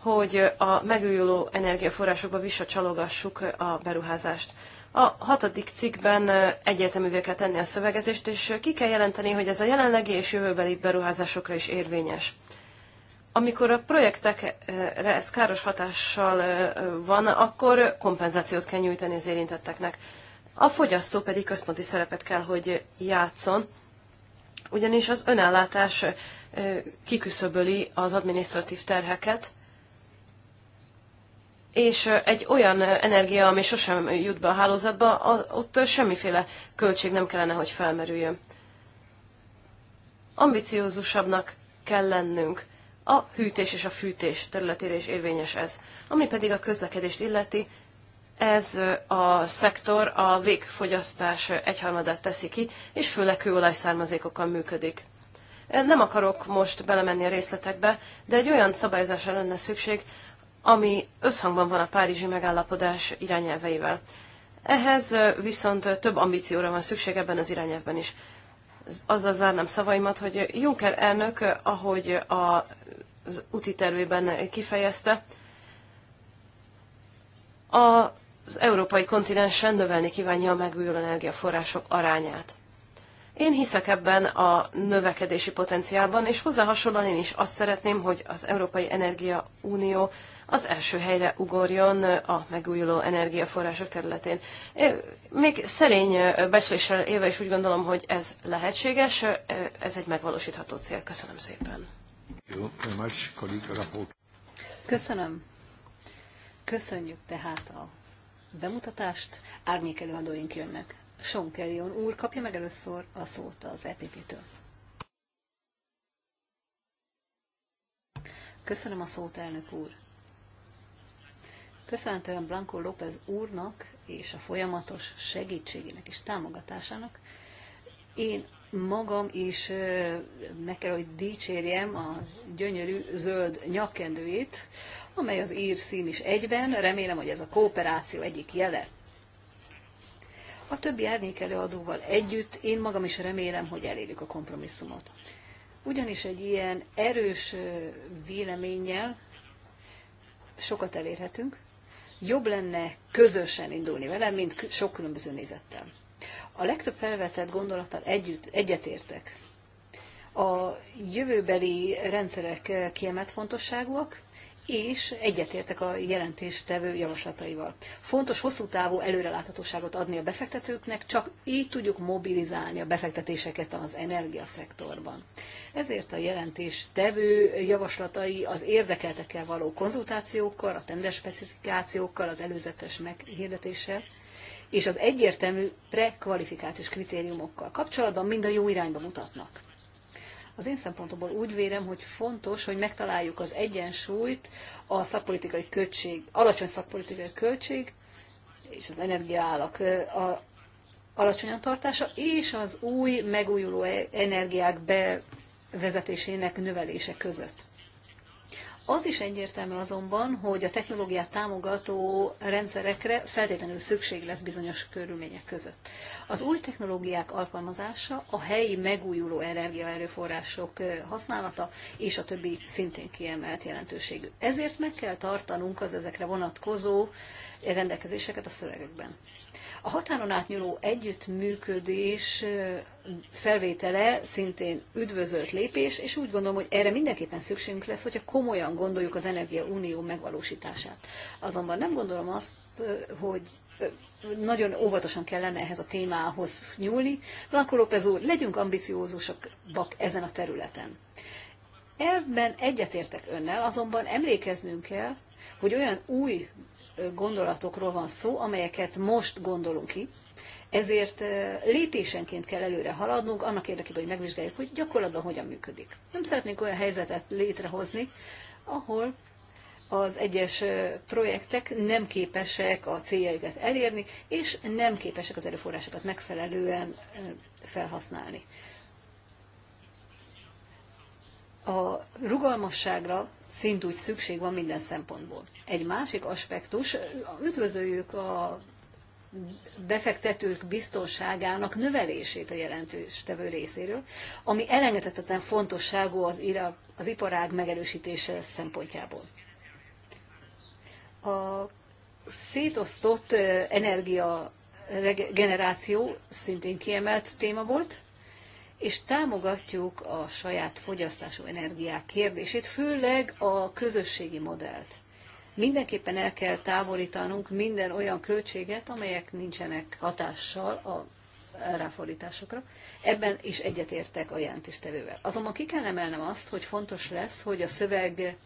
hogy a megújuló energiaforrásokba visszacsalogassuk a beruházást. A hatodik cikkben egyértelművé kell tenni a szövegezést, és ki kell jelenteni, hogy ez a jelenlegi és jövőbeli beruházásokra is érvényes. Amikor a projektekre ez káros hatással van, akkor kompenzációt kell nyújtani az érintetteknek. A fogyasztó pedig központi szerepet kell, hogy játszon, ugyanis az önállátás kiküszöböli az adminisztratív terheket, és egy olyan energia, ami sosem jut be a hálózatba, ott semmiféle költség nem kellene, hogy felmerüljön. Ambiciózusabbnak kell lennünk. A hűtés és a fűtés területére is érvényes ez. Ami pedig a közlekedést illeti, ez a szektor a végfogyasztás egyharmadát teszi ki, és főleg kőolajszármazékokkal működik. Nem akarok most belemenni a részletekbe, de egy olyan szabályozásra lenne szükség, ami összhangban van a Párizsi megállapodás irányelveivel. Ehhez viszont több ambícióra van szükség ebben az irányelvben is. Azzal zárnám szavaimat, hogy Juncker elnök, ahogy a, az úti tervében kifejezte, az európai kontinensen növelni kívánja a megújuló energiaforrások arányát. Én hiszek ebben a növekedési potenciálban, és hozzá hasonlóan én is azt szeretném, hogy az Európai Energia Unió az első helyre ugorjon a megújuló energiaforrások területén. Még szerény becsléssel éve is úgy gondolom, hogy ez lehetséges, ez egy megvalósítható cél. Köszönöm szépen. Köszönöm. Köszönjük tehát a bemutatást. Árnyék előadóink jönnek. Sean Kellyon úr kapja meg először a szót az EPP-től. Köszönöm a szót, elnök úr. Köszönhetően Blanco López úrnak és a folyamatos segítségének és támogatásának én magam is meg kell, hogy dicsérjem a gyönyörű zöld nyakkendőjét, amely az ír szín is egyben. Remélem, hogy ez a kooperáció egyik jele. A többi árnyékelőadóval együtt én magam is remélem, hogy elérjük a kompromisszumot. Ugyanis egy ilyen erős véleménnyel sokat elérhetünk, jobb lenne közösen indulni vele, mint sok különböző nézettel. A legtöbb felvetett gondolattal együtt, egyetértek. A jövőbeli rendszerek kiemelt fontosságúak, és egyetértek a jelentéstevő javaslataival. Fontos hosszú távú előreláthatóságot adni a befektetőknek, csak így tudjuk mobilizálni a befektetéseket az energiaszektorban. Ezért a jelentéstevő javaslatai az érdekeltekkel való konzultációkkal, a specifikációkkal, az előzetes meghirdetéssel, és az egyértelmű prekvalifikációs kritériumokkal kapcsolatban mind a jó irányba mutatnak. Az én szempontomból úgy vélem, hogy fontos, hogy megtaláljuk az egyensúlyt a szakpolitikai költség, alacsony szakpolitikai költség és az energiaállak a, alacsonyan tartása, és az új megújuló e-, energiák bevezetésének növelése között. Az is egyértelmű azonban, hogy a technológiát támogató rendszerekre feltétlenül szükség lesz bizonyos körülmények között. Az új technológiák alkalmazása, a helyi megújuló energiaerőforrások használata és a többi szintén kiemelt jelentőségű. Ezért meg kell tartanunk az ezekre vonatkozó rendelkezéseket a szövegekben. A határon átnyúló együttműködés felvétele szintén üdvözölt lépés, és úgy gondolom, hogy erre mindenképpen szükségünk lesz, hogyha komolyan gondoljuk az Energia Unió megvalósítását. Azonban nem gondolom azt, hogy nagyon óvatosan kellene ehhez a témához nyúlni. Blanco López úr, legyünk ambiciózusak ezen a területen. Elvben egyetértek önnel, azonban emlékeznünk kell, hogy olyan új gondolatokról van szó, amelyeket most gondolunk ki, ezért lépésenként kell előre haladnunk, annak érdekében, hogy megvizsgáljuk, hogy gyakorlatban hogyan működik. Nem szeretnénk olyan helyzetet létrehozni, ahol az egyes projektek nem képesek a céljaikat elérni, és nem képesek az erőforrásokat megfelelően felhasználni. A rugalmasságra szintúgy szükség van minden szempontból. Egy másik aspektus, üdvözöljük a befektetők biztonságának növelését a jelentős tevő részéről, ami elengedhetetlen fontosságú az, ira, az iparág megerősítése szempontjából. A szétosztott eh, energia generáció szintén kiemelt téma volt, és támogatjuk a saját fogyasztású energiák kérdését, főleg a közösségi modellt. Mindenképpen el kell távolítanunk minden olyan költséget, amelyek nincsenek hatással a ráfordításokra. Ebben is egyetértek a jelentéstevővel. Azonban ki kell emelnem azt, hogy fontos lesz, hogy a szöveg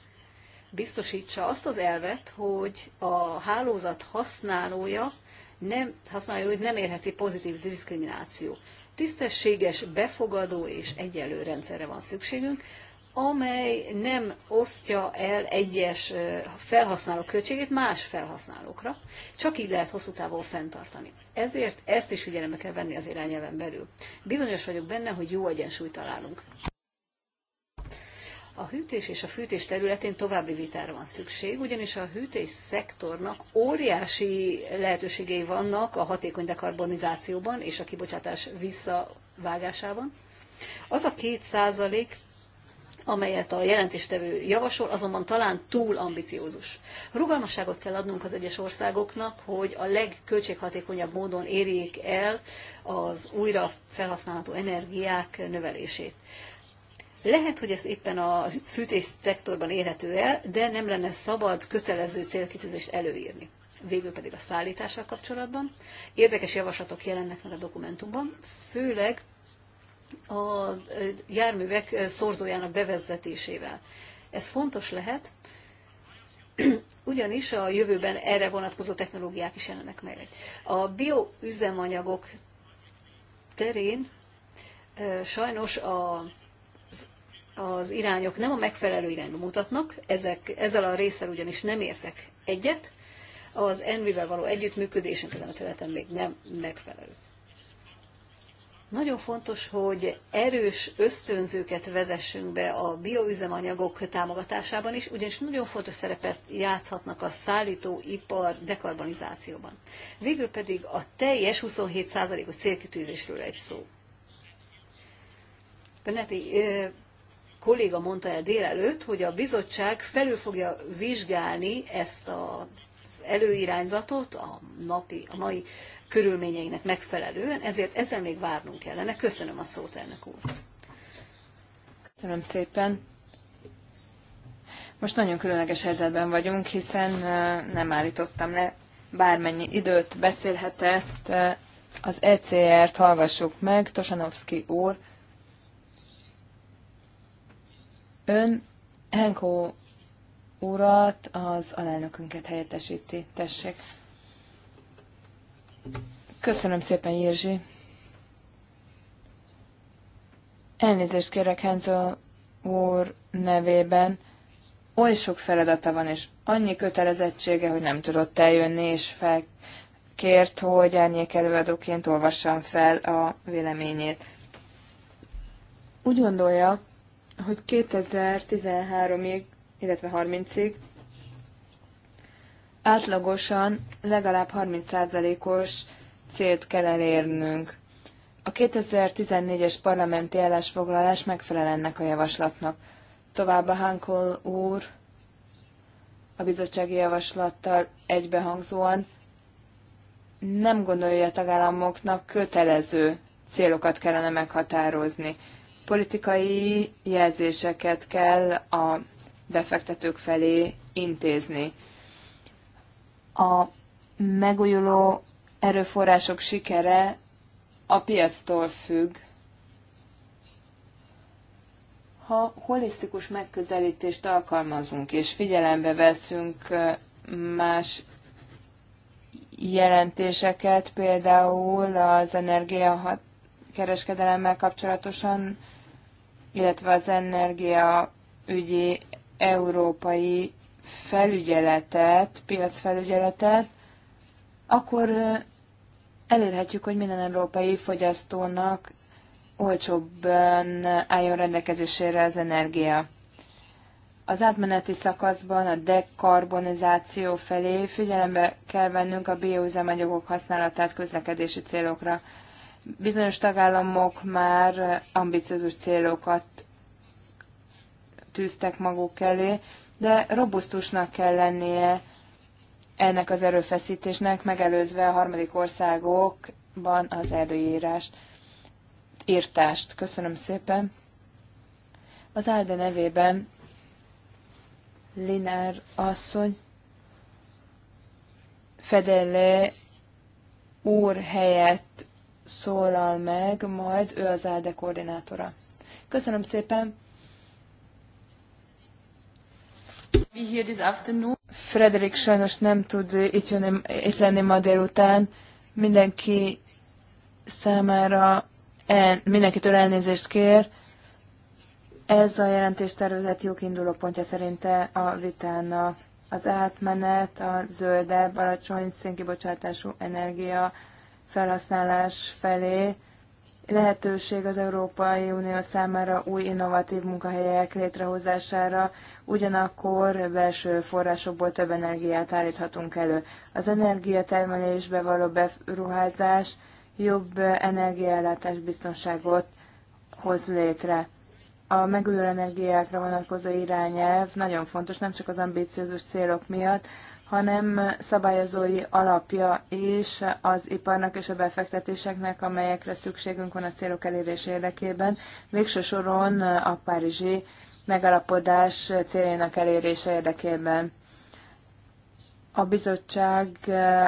biztosítsa azt az elvet, hogy a hálózat használója nem, használja, hogy nem érheti pozitív diszkrimináció tisztességes, befogadó és egyenlő rendszerre van szükségünk, amely nem osztja el egyes felhasználók költségét más felhasználókra, csak így lehet hosszú távon fenntartani. Ezért ezt is figyelembe kell venni az irányelven belül. Bizonyos vagyok benne, hogy jó egyensúlyt találunk. A hűtés és a fűtés területén további vitára van szükség, ugyanis a hűtés szektornak óriási lehetőségei vannak a hatékony dekarbonizációban és a kibocsátás visszavágásában. Az a két százalék, amelyet a jelentéstevő javasol, azonban talán túl ambiciózus. Rugalmasságot kell adnunk az egyes országoknak, hogy a legköltséghatékonyabb módon érjék el az újra felhasználható energiák növelését. Lehet, hogy ez éppen a fűtés szektorban érhető el, de nem lenne szabad kötelező célkitűzést előírni. Végül pedig a szállítással kapcsolatban. Érdekes javaslatok jelennek meg a dokumentumban, főleg a e, járművek szorzójának bevezetésével. Ez fontos lehet, [clears throat] ugyanis a jövőben erre vonatkozó technológiák is jelennek meg. A bioüzemanyagok terén e, sajnos a az irányok nem a megfelelő irányba mutatnak, ezek, ezzel a részsel ugyanis nem értek egyet, az Envivel való együttműködésünk ezen a területen még nem megfelelő. Nagyon fontos, hogy erős ösztönzőket vezessünk be a bioüzemanyagok támogatásában is, ugyanis nagyon fontos szerepet játszhatnak a szállítóipar dekarbonizációban. Végül pedig a teljes 27%-os célkitűzésről egy szó. Benetti kolléga mondta el délelőtt, hogy a bizottság felül fogja vizsgálni ezt az előirányzatot a, napi, a mai körülményeinek megfelelően, ezért ezzel még várnunk kellene. Köszönöm a szót, elnök úr. Köszönöm szépen. Most nagyon különleges helyzetben vagyunk, hiszen nem állítottam le bármennyi időt beszélhetett. Az ECR-t hallgassuk meg, Tosanovszki úr Ön Henko urat, az alelnökünket helyettesíti. Tessék. Köszönöm szépen, Jirzsi. Elnézést kérek Henzo úr nevében. Oly sok feladata van, és annyi kötelezettsége, hogy nem tudott eljönni, és felkért, hogy árnyék előadóként olvassam fel a véleményét. Úgy gondolja, hogy 2013-ig, illetve 30-ig átlagosan legalább 30%-os célt kell elérnünk. A 2014-es parlamenti állásfoglalás megfelel ennek a javaslatnak. Továbbá Hankol úr a bizottsági javaslattal egybehangzóan nem gondolja a tagállamoknak kötelező célokat kellene meghatározni. Politikai jelzéseket kell a befektetők felé intézni. A megújuló erőforrások sikere a piactól függ. Ha holisztikus megközelítést alkalmazunk, és figyelembe veszünk más jelentéseket, például az energiakereskedelemmel kapcsolatosan illetve az energia ügyi európai felügyeletet, piacfelügyeletet, akkor elérhetjük, hogy minden európai fogyasztónak olcsóbban álljon rendelkezésére az energia. Az átmeneti szakaszban a dekarbonizáció felé figyelembe kell vennünk a bioüzemanyagok használatát közlekedési célokra. Bizonyos tagállamok már ambiciózus célokat tűztek maguk elé, de robusztusnak kell lennie ennek az erőfeszítésnek, megelőzve a harmadik országokban az előírást, írtást. Köszönöm szépen. Az Álde nevében Linár asszony Fedele úr helyett szólal meg, majd ő az ELDE koordinátora. Köszönöm szépen! Frederik sajnos nem tud itt, jönni, itt lenni ma délután. Mindenki számára, el, mindenkitől elnézést kér. Ez a jelentéstervezet jó kiinduló pontja szerinte a vitának. Az átmenet, a zöldebb, alacsony szénkibocsátású energia, felhasználás felé, lehetőség az Európai Unió számára új innovatív munkahelyek létrehozására, ugyanakkor belső forrásokból több energiát állíthatunk elő. Az energiatermelésbe való beruházás jobb energiállátás biztonságot hoz létre. A megújuló energiákra vonatkozó irányelv nagyon fontos, nem csak az ambíciózus célok miatt, hanem szabályozói alapja is az iparnak és a befektetéseknek, amelyekre szükségünk van a célok elérése érdekében. Végső soron a párizsi megalapodás céljának elérése érdekében. A bizottság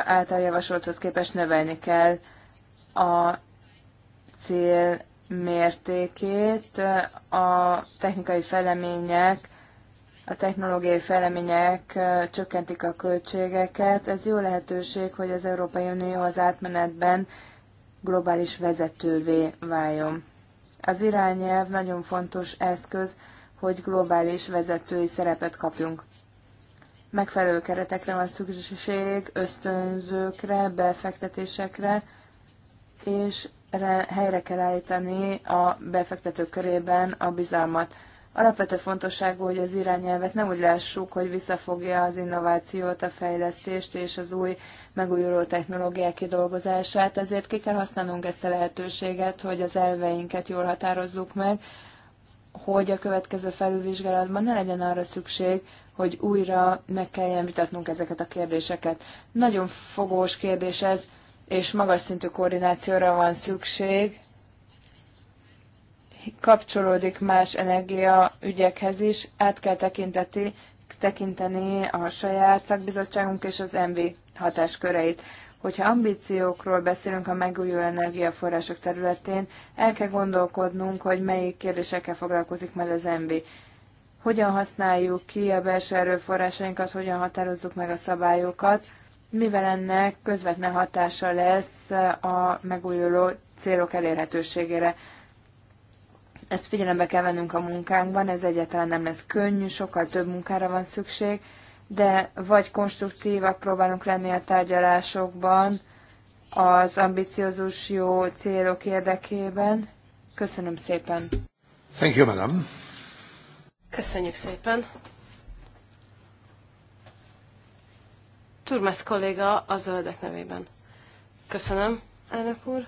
által javasolthoz képest növelni kell a cél mértékét. A technikai felemények a technológiai fejlemények csökkentik a költségeket. Ez jó lehetőség, hogy az Európai Unió az átmenetben globális vezetővé váljon. Az irányelv nagyon fontos eszköz, hogy globális vezetői szerepet kapjunk. Megfelelő keretekre van szükség, ösztönzőkre, befektetésekre, és helyre kell állítani a befektetők körében a bizalmat. Alapvető fontosságú, hogy az irányelvet nem úgy lássuk, hogy visszafogja az innovációt, a fejlesztést és az új megújuló technológiák kidolgozását, ezért ki kell használnunk ezt a lehetőséget, hogy az elveinket jól határozzuk meg, hogy a következő felülvizsgálatban ne legyen arra szükség, hogy újra meg kelljen vitatnunk ezeket a kérdéseket. Nagyon fogós kérdés ez, és magas szintű koordinációra van szükség, kapcsolódik más energiaügyekhez is, át kell tekinteti, tekinteni a saját szakbizottságunk és az MV hatásköreit. Hogyha ambíciókról beszélünk a megújuló energiaforrások területén, el kell gondolkodnunk, hogy melyik kérdésekkel foglalkozik majd az MV. Hogyan használjuk ki a belső erőforrásainkat, hogyan határozzuk meg a szabályokat, mivel ennek közvetlen hatása lesz a megújuló célok elérhetőségére. Ezt figyelembe kell vennünk a munkánkban, ez egyáltalán nem lesz könnyű, sokkal több munkára van szükség, de vagy konstruktívak próbálunk lenni a tárgyalásokban az ambiciózus jó célok érdekében. Köszönöm szépen. Thank you, madam. Köszönjük szépen. Turmes kolléga a zöldek nevében. Köszönöm, elnök úr.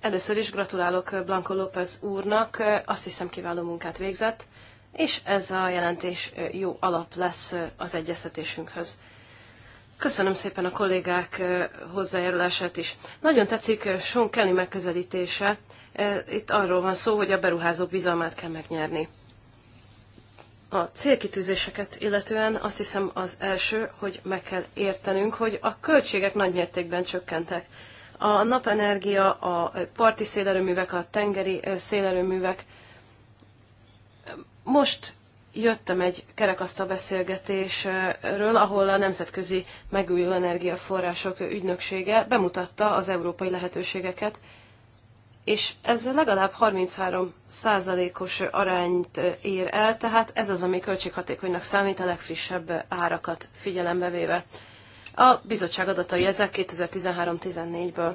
Először is gratulálok Blanco López úrnak, azt hiszem kiváló munkát végzett, és ez a jelentés jó alap lesz az egyeztetésünkhöz. Köszönöm szépen a kollégák hozzájárulását is. Nagyon tetszik Sean Kelly megközelítése. Itt arról van szó, hogy a beruházók bizalmát kell megnyerni. A célkitűzéseket illetően azt hiszem az első, hogy meg kell értenünk, hogy a költségek nagymértékben csökkentek. A napenergia, a parti szélerőművek, a tengeri szélerőművek. Most jöttem egy kerekasztal beszélgetésről, ahol a Nemzetközi Megújuló Energiaforrások Ügynöksége bemutatta az európai lehetőségeket, és ez legalább 33 százalékos arányt ér el, tehát ez az, ami költséghatékonynak számít a legfrissebb árakat figyelembe véve. A bizottság adatai ezek 2013-14-ből.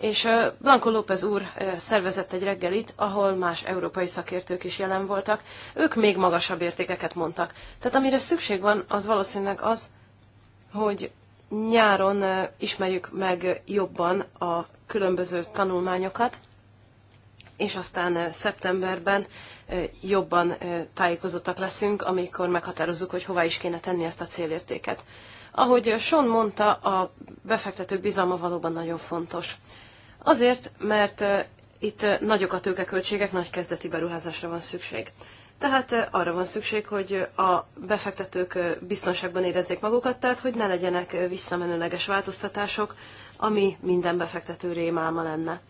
És Blanco López úr szervezett egy reggelit, ahol más európai szakértők is jelen voltak. Ők még magasabb értékeket mondtak. Tehát amire szükség van, az valószínűleg az, hogy nyáron ismerjük meg jobban a különböző tanulmányokat, és aztán szeptemberben jobban tájékozottak leszünk, amikor meghatározzuk, hogy hova is kéne tenni ezt a célértéket. Ahogy Sean mondta, a befektetők bizalma valóban nagyon fontos. Azért, mert itt nagyok a tőkeköltségek, nagy kezdeti beruházásra van szükség. Tehát arra van szükség, hogy a befektetők biztonságban érezzék magukat, tehát hogy ne legyenek visszamenőleges változtatások, ami minden befektető rémálma lenne.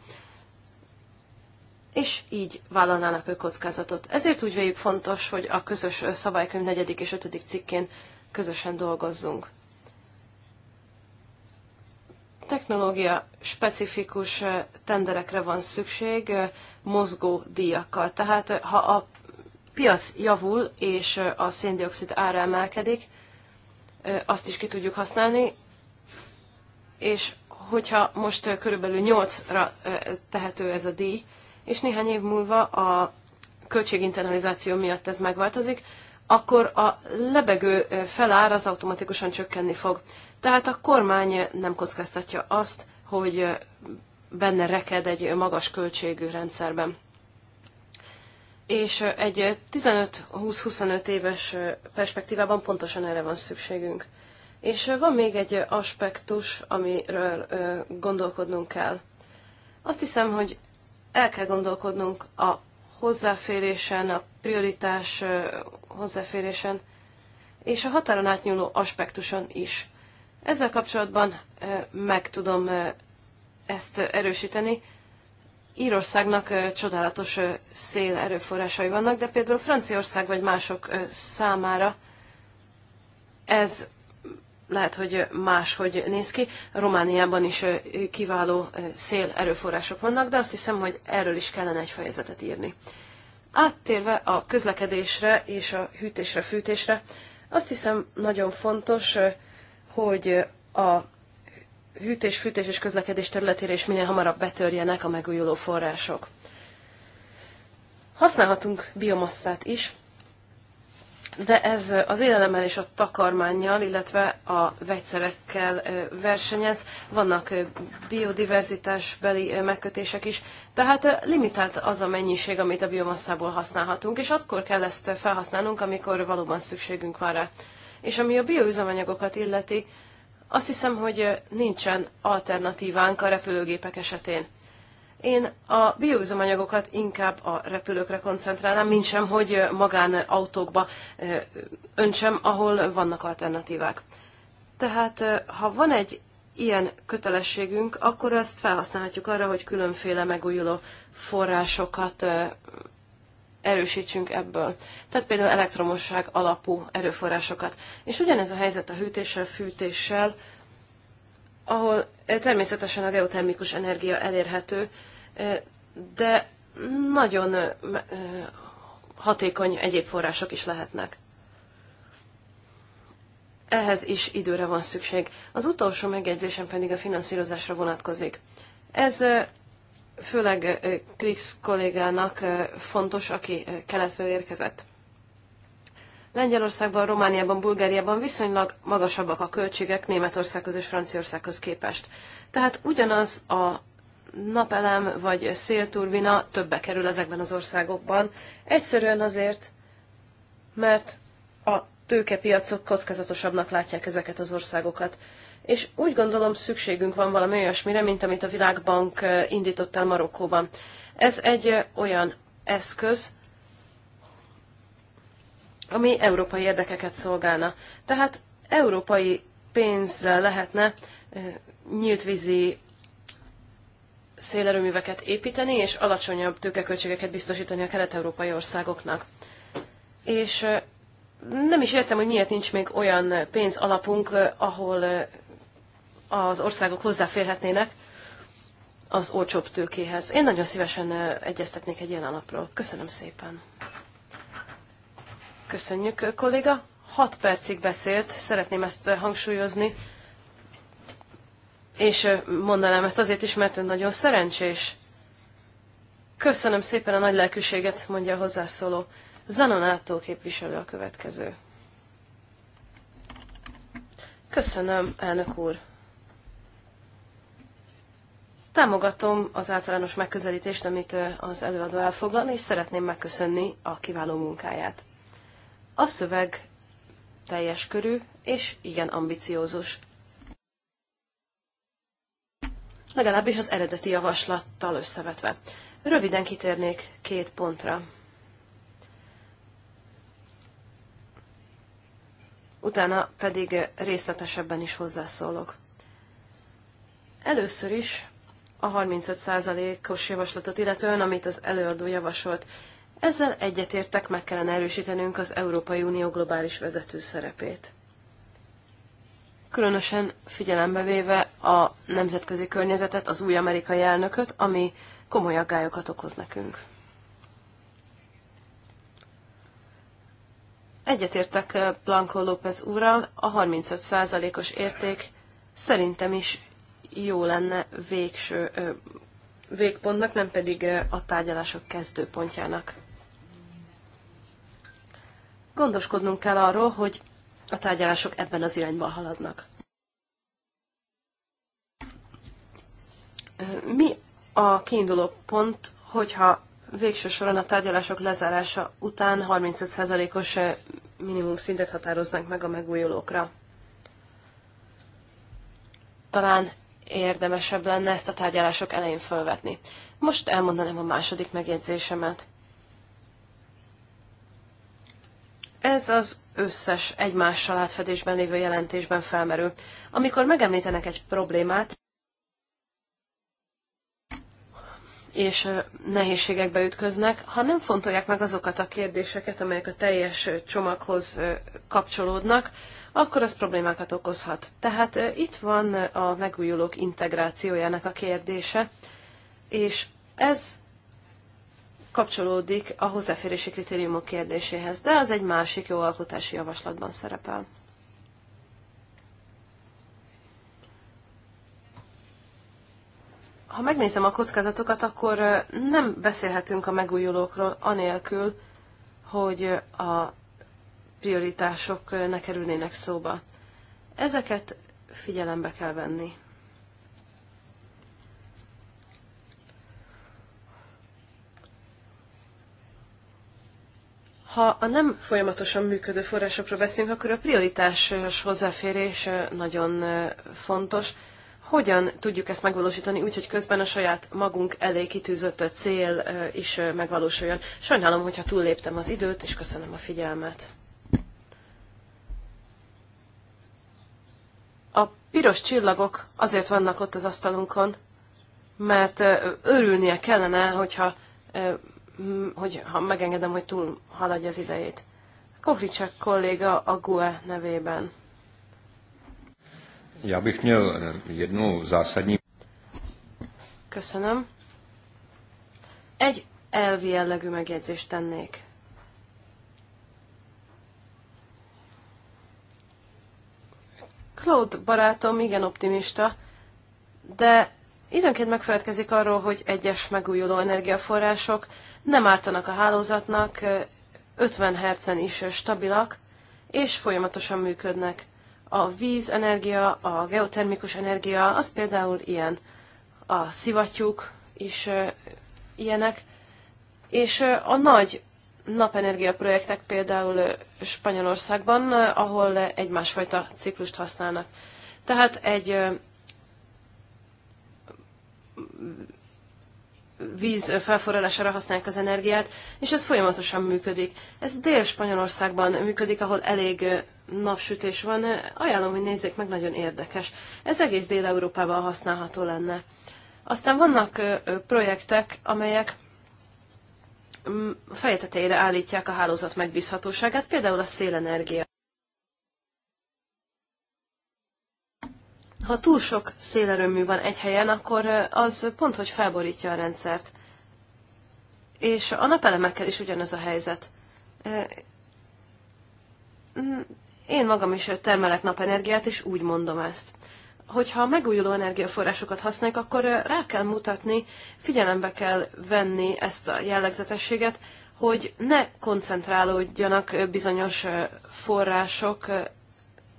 És így vállalnának ők kockázatot. Ezért úgy véljük fontos, hogy a közös szabálykönyv negyedik és ötödik cikkén közösen dolgozzunk. Technológia specifikus tenderekre van szükség mozgó díjakkal. Tehát ha a piac javul és a széndiokszid ára emelkedik, azt is ki tudjuk használni, és hogyha most körülbelül 8-ra tehető ez a díj, és néhány év múlva a költséginternalizáció miatt ez megváltozik, akkor a lebegő felár az automatikusan csökkenni fog. Tehát a kormány nem kockáztatja azt, hogy benne reked egy magas költségű rendszerben. És egy 15-20-25 éves perspektívában pontosan erre van szükségünk. És van még egy aspektus, amiről gondolkodnunk kell. Azt hiszem, hogy el kell gondolkodnunk a hozzáférésen, a prioritás hozzáférésen, és a határon átnyúló aspektuson is. Ezzel kapcsolatban meg tudom ezt erősíteni. Írországnak csodálatos szél erőforrásai vannak, de például Franciaország vagy mások számára ez lehet, hogy máshogy néz ki. Romániában is kiváló szél erőforrások vannak, de azt hiszem, hogy erről is kellene egy fejezetet írni. Áttérve a közlekedésre és a hűtésre, fűtésre, azt hiszem nagyon fontos hogy a hűtés, fűtés és közlekedés területére is minél hamarabb betörjenek a megújuló források. Használhatunk biomasszát is, de ez az élelemmel és a takarmánnyal, illetve a vegyszerekkel versenyez. Vannak biodiverzitásbeli megkötések is, tehát limitált az a mennyiség, amit a biomasszából használhatunk, és akkor kell ezt felhasználnunk, amikor valóban szükségünk van rá. És ami a bioüzemanyagokat illeti, azt hiszem, hogy nincsen alternatívánk a repülőgépek esetén. Én a bioüzemanyagokat inkább a repülőkre koncentrálnám, mint sem, hogy magánautókba öntsem, ahol vannak alternatívák. Tehát, ha van egy ilyen kötelességünk, akkor azt felhasználhatjuk arra, hogy különféle megújuló forrásokat erősítsünk ebből. Tehát például elektromosság alapú erőforrásokat. És ugyanez a helyzet a hűtéssel, fűtéssel, ahol eh, természetesen a geotermikus energia elérhető, eh, de nagyon eh, hatékony egyéb források is lehetnek. Ehhez is időre van szükség. Az utolsó megjegyzésem pedig a finanszírozásra vonatkozik. Ez főleg Krisz kollégának fontos, aki keletről érkezett. Lengyelországban, Romániában, Bulgáriában viszonylag magasabbak a költségek Németországhoz és Franciaországhoz képest. Tehát ugyanaz a napelem vagy szélturbina többe kerül ezekben az országokban. Egyszerűen azért, mert a tőkepiacok kockázatosabbnak látják ezeket az országokat és úgy gondolom szükségünk van valami olyasmire, mint amit a Világbank indított el Marokkóban. Ez egy olyan eszköz, ami európai érdekeket szolgálna. Tehát európai pénzzel lehetne nyílt vízi szélerőműveket építeni, és alacsonyabb tőkeköltségeket biztosítani a kelet-európai országoknak. És nem is értem, hogy miért nincs még olyan pénzalapunk, ahol az országok hozzáférhetnének az olcsóbb tőkéhez. Én nagyon szívesen egyeztetnék egy ilyen alapról. Köszönöm szépen. Köszönjük, kolléga. Hat percig beszélt, szeretném ezt hangsúlyozni. És mondanám ezt azért is, mert ön nagyon szerencsés. Köszönöm szépen a nagy lelkűséget, mondja a hozzászóló. Zanonátó képviselő a következő. Köszönöm, elnök úr. Támogatom az általános megközelítést, amit az előadó elfoglal, és szeretném megköszönni a kiváló munkáját. A szöveg teljes körű és igen ambiciózus. Legalábbis az eredeti javaslattal összevetve. Röviden kitérnék két pontra. Utána pedig részletesebben is hozzászólok. Először is a 35%-os javaslatot illetően, amit az előadó javasolt. Ezzel egyetértek, meg kellene erősítenünk az Európai Unió globális vezető szerepét. Különösen figyelembe véve a nemzetközi környezetet, az új amerikai elnököt, ami komoly aggályokat okoz nekünk. Egyetértek eh, Blanco López úrral, a 35%-os érték szerintem is jó lenne végső végpontnak, nem pedig a tárgyalások kezdőpontjának. Gondoskodnunk kell arról, hogy a tárgyalások ebben az irányban haladnak. Mi a kiinduló pont, hogyha végső soron a tárgyalások lezárása után 35%-os minimum szintet határoznánk meg a megújulókra? Talán érdemesebb lenne ezt a tárgyalások elején fölvetni. Most elmondanám a második megjegyzésemet. Ez az összes egymással átfedésben lévő jelentésben felmerül. Amikor megemlítenek egy problémát, és nehézségekbe ütköznek, ha nem fontolják meg azokat a kérdéseket, amelyek a teljes csomaghoz kapcsolódnak, akkor az problémákat okozhat. Tehát itt van a megújulók integrációjának a kérdése, és ez kapcsolódik a hozzáférési kritériumok kérdéséhez, de az egy másik jó alkotási javaslatban szerepel. Ha megnézem a kockázatokat, akkor nem beszélhetünk a megújulókról anélkül, hogy a prioritások ne kerülnének szóba. Ezeket figyelembe kell venni. Ha a nem folyamatosan működő forrásokról beszélünk, akkor a prioritásos hozzáférés nagyon fontos. Hogyan tudjuk ezt megvalósítani úgy, hogy közben a saját magunk elé kitűzött cél is megvalósuljon? Sajnálom, hogyha túlléptem az időt, és köszönöm a figyelmet. piros csillagok azért vannak ott az asztalunkon, mert örülnie kellene, hogyha hogy ha megengedem, hogy túl haladja az idejét. Kovricsek kolléga a GUE nevében. Já bych měl eh, jednu zásadní... Köszönöm. Egy elvi jellegű megjegyzést tennék. Claude barátom igen optimista, de időnként megfeledkezik arról, hogy egyes megújuló energiaforrások nem ártanak a hálózatnak, 50 hercen is stabilak, és folyamatosan működnek. A vízenergia, a geotermikus energia, az például ilyen. A szivattyúk is ilyenek, és a nagy napenergia projektek például Spanyolországban, ahol egy másfajta ciklust használnak. Tehát egy víz felforralására használják az energiát, és ez folyamatosan működik. Ez Dél-Spanyolországban működik, ahol elég napsütés van. Ajánlom, hogy nézzék meg, nagyon érdekes. Ez egész Dél-Európában használható lenne. Aztán vannak projektek, amelyek fejeteteire állítják a hálózat megbízhatóságát, például a szélenergia. Ha túl sok szélerőmű van egy helyen, akkor az pont, hogy felborítja a rendszert. És a napelemekkel is ugyanez a helyzet. Én magam is termelek napenergiát, és úgy mondom ezt hogyha megújuló energiaforrásokat használjuk, akkor rá kell mutatni, figyelembe kell venni ezt a jellegzetességet, hogy ne koncentrálódjanak bizonyos források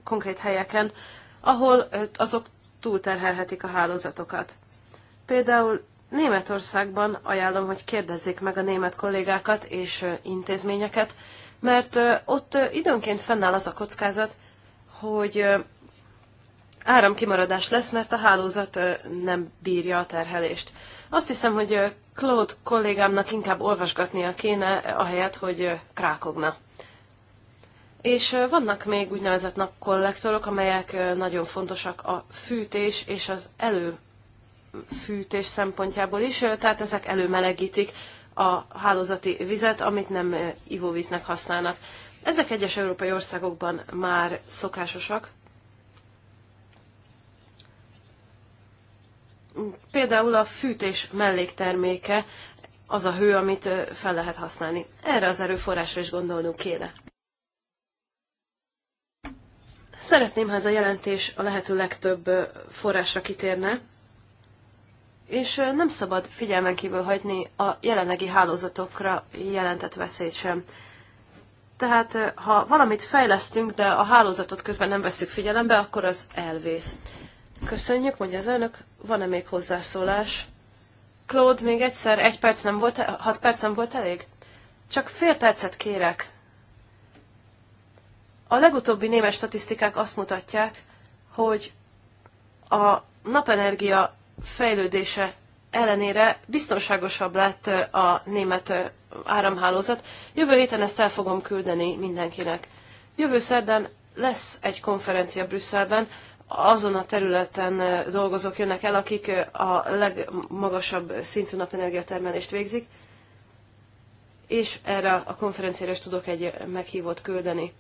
konkrét helyeken, ahol azok túlterhelhetik a hálózatokat. Például Németországban ajánlom, hogy kérdezzék meg a német kollégákat és intézményeket, mert ott időnként fennáll az a kockázat, hogy áramkimaradás lesz, mert a hálózat nem bírja a terhelést. Azt hiszem, hogy Claude kollégámnak inkább olvasgatnia kéne, eh, ahelyett, hogy krákogna. És vannak még úgynevezett napkollektorok, amelyek nagyon fontosak a fűtés és az előfűtés szempontjából is, tehát ezek előmelegítik a hálózati vizet, amit nem ivóvíznek használnak. Ezek egyes európai országokban már szokásosak, Például a fűtés mellékterméke az a hő, amit fel lehet használni. Erre az erőforrásra is gondolnunk kéne. Szeretném, ha ez a jelentés a lehető legtöbb forrásra kitérne, és nem szabad figyelmen kívül hagyni a jelenlegi hálózatokra jelentett veszélyt sem. Tehát, ha valamit fejlesztünk, de a hálózatot közben nem veszük figyelembe, akkor az elvész. Köszönjük, mondja az elnök. Van-e még hozzászólás? Claude, még egyszer, egy perc nem volt, hat perc nem volt elég? Csak fél percet kérek. A legutóbbi némes statisztikák azt mutatják, hogy a napenergia fejlődése ellenére biztonságosabb lett a német áramhálózat. Jövő héten ezt el fogom küldeni mindenkinek. Jövő szerdán lesz egy konferencia Brüsszelben, azon a területen eh, dolgozók jönnek el, akik eh, a legmagasabb szintű napenergiatermelést végzik, és erre a konferenciára is tudok egy meghívót küldeni.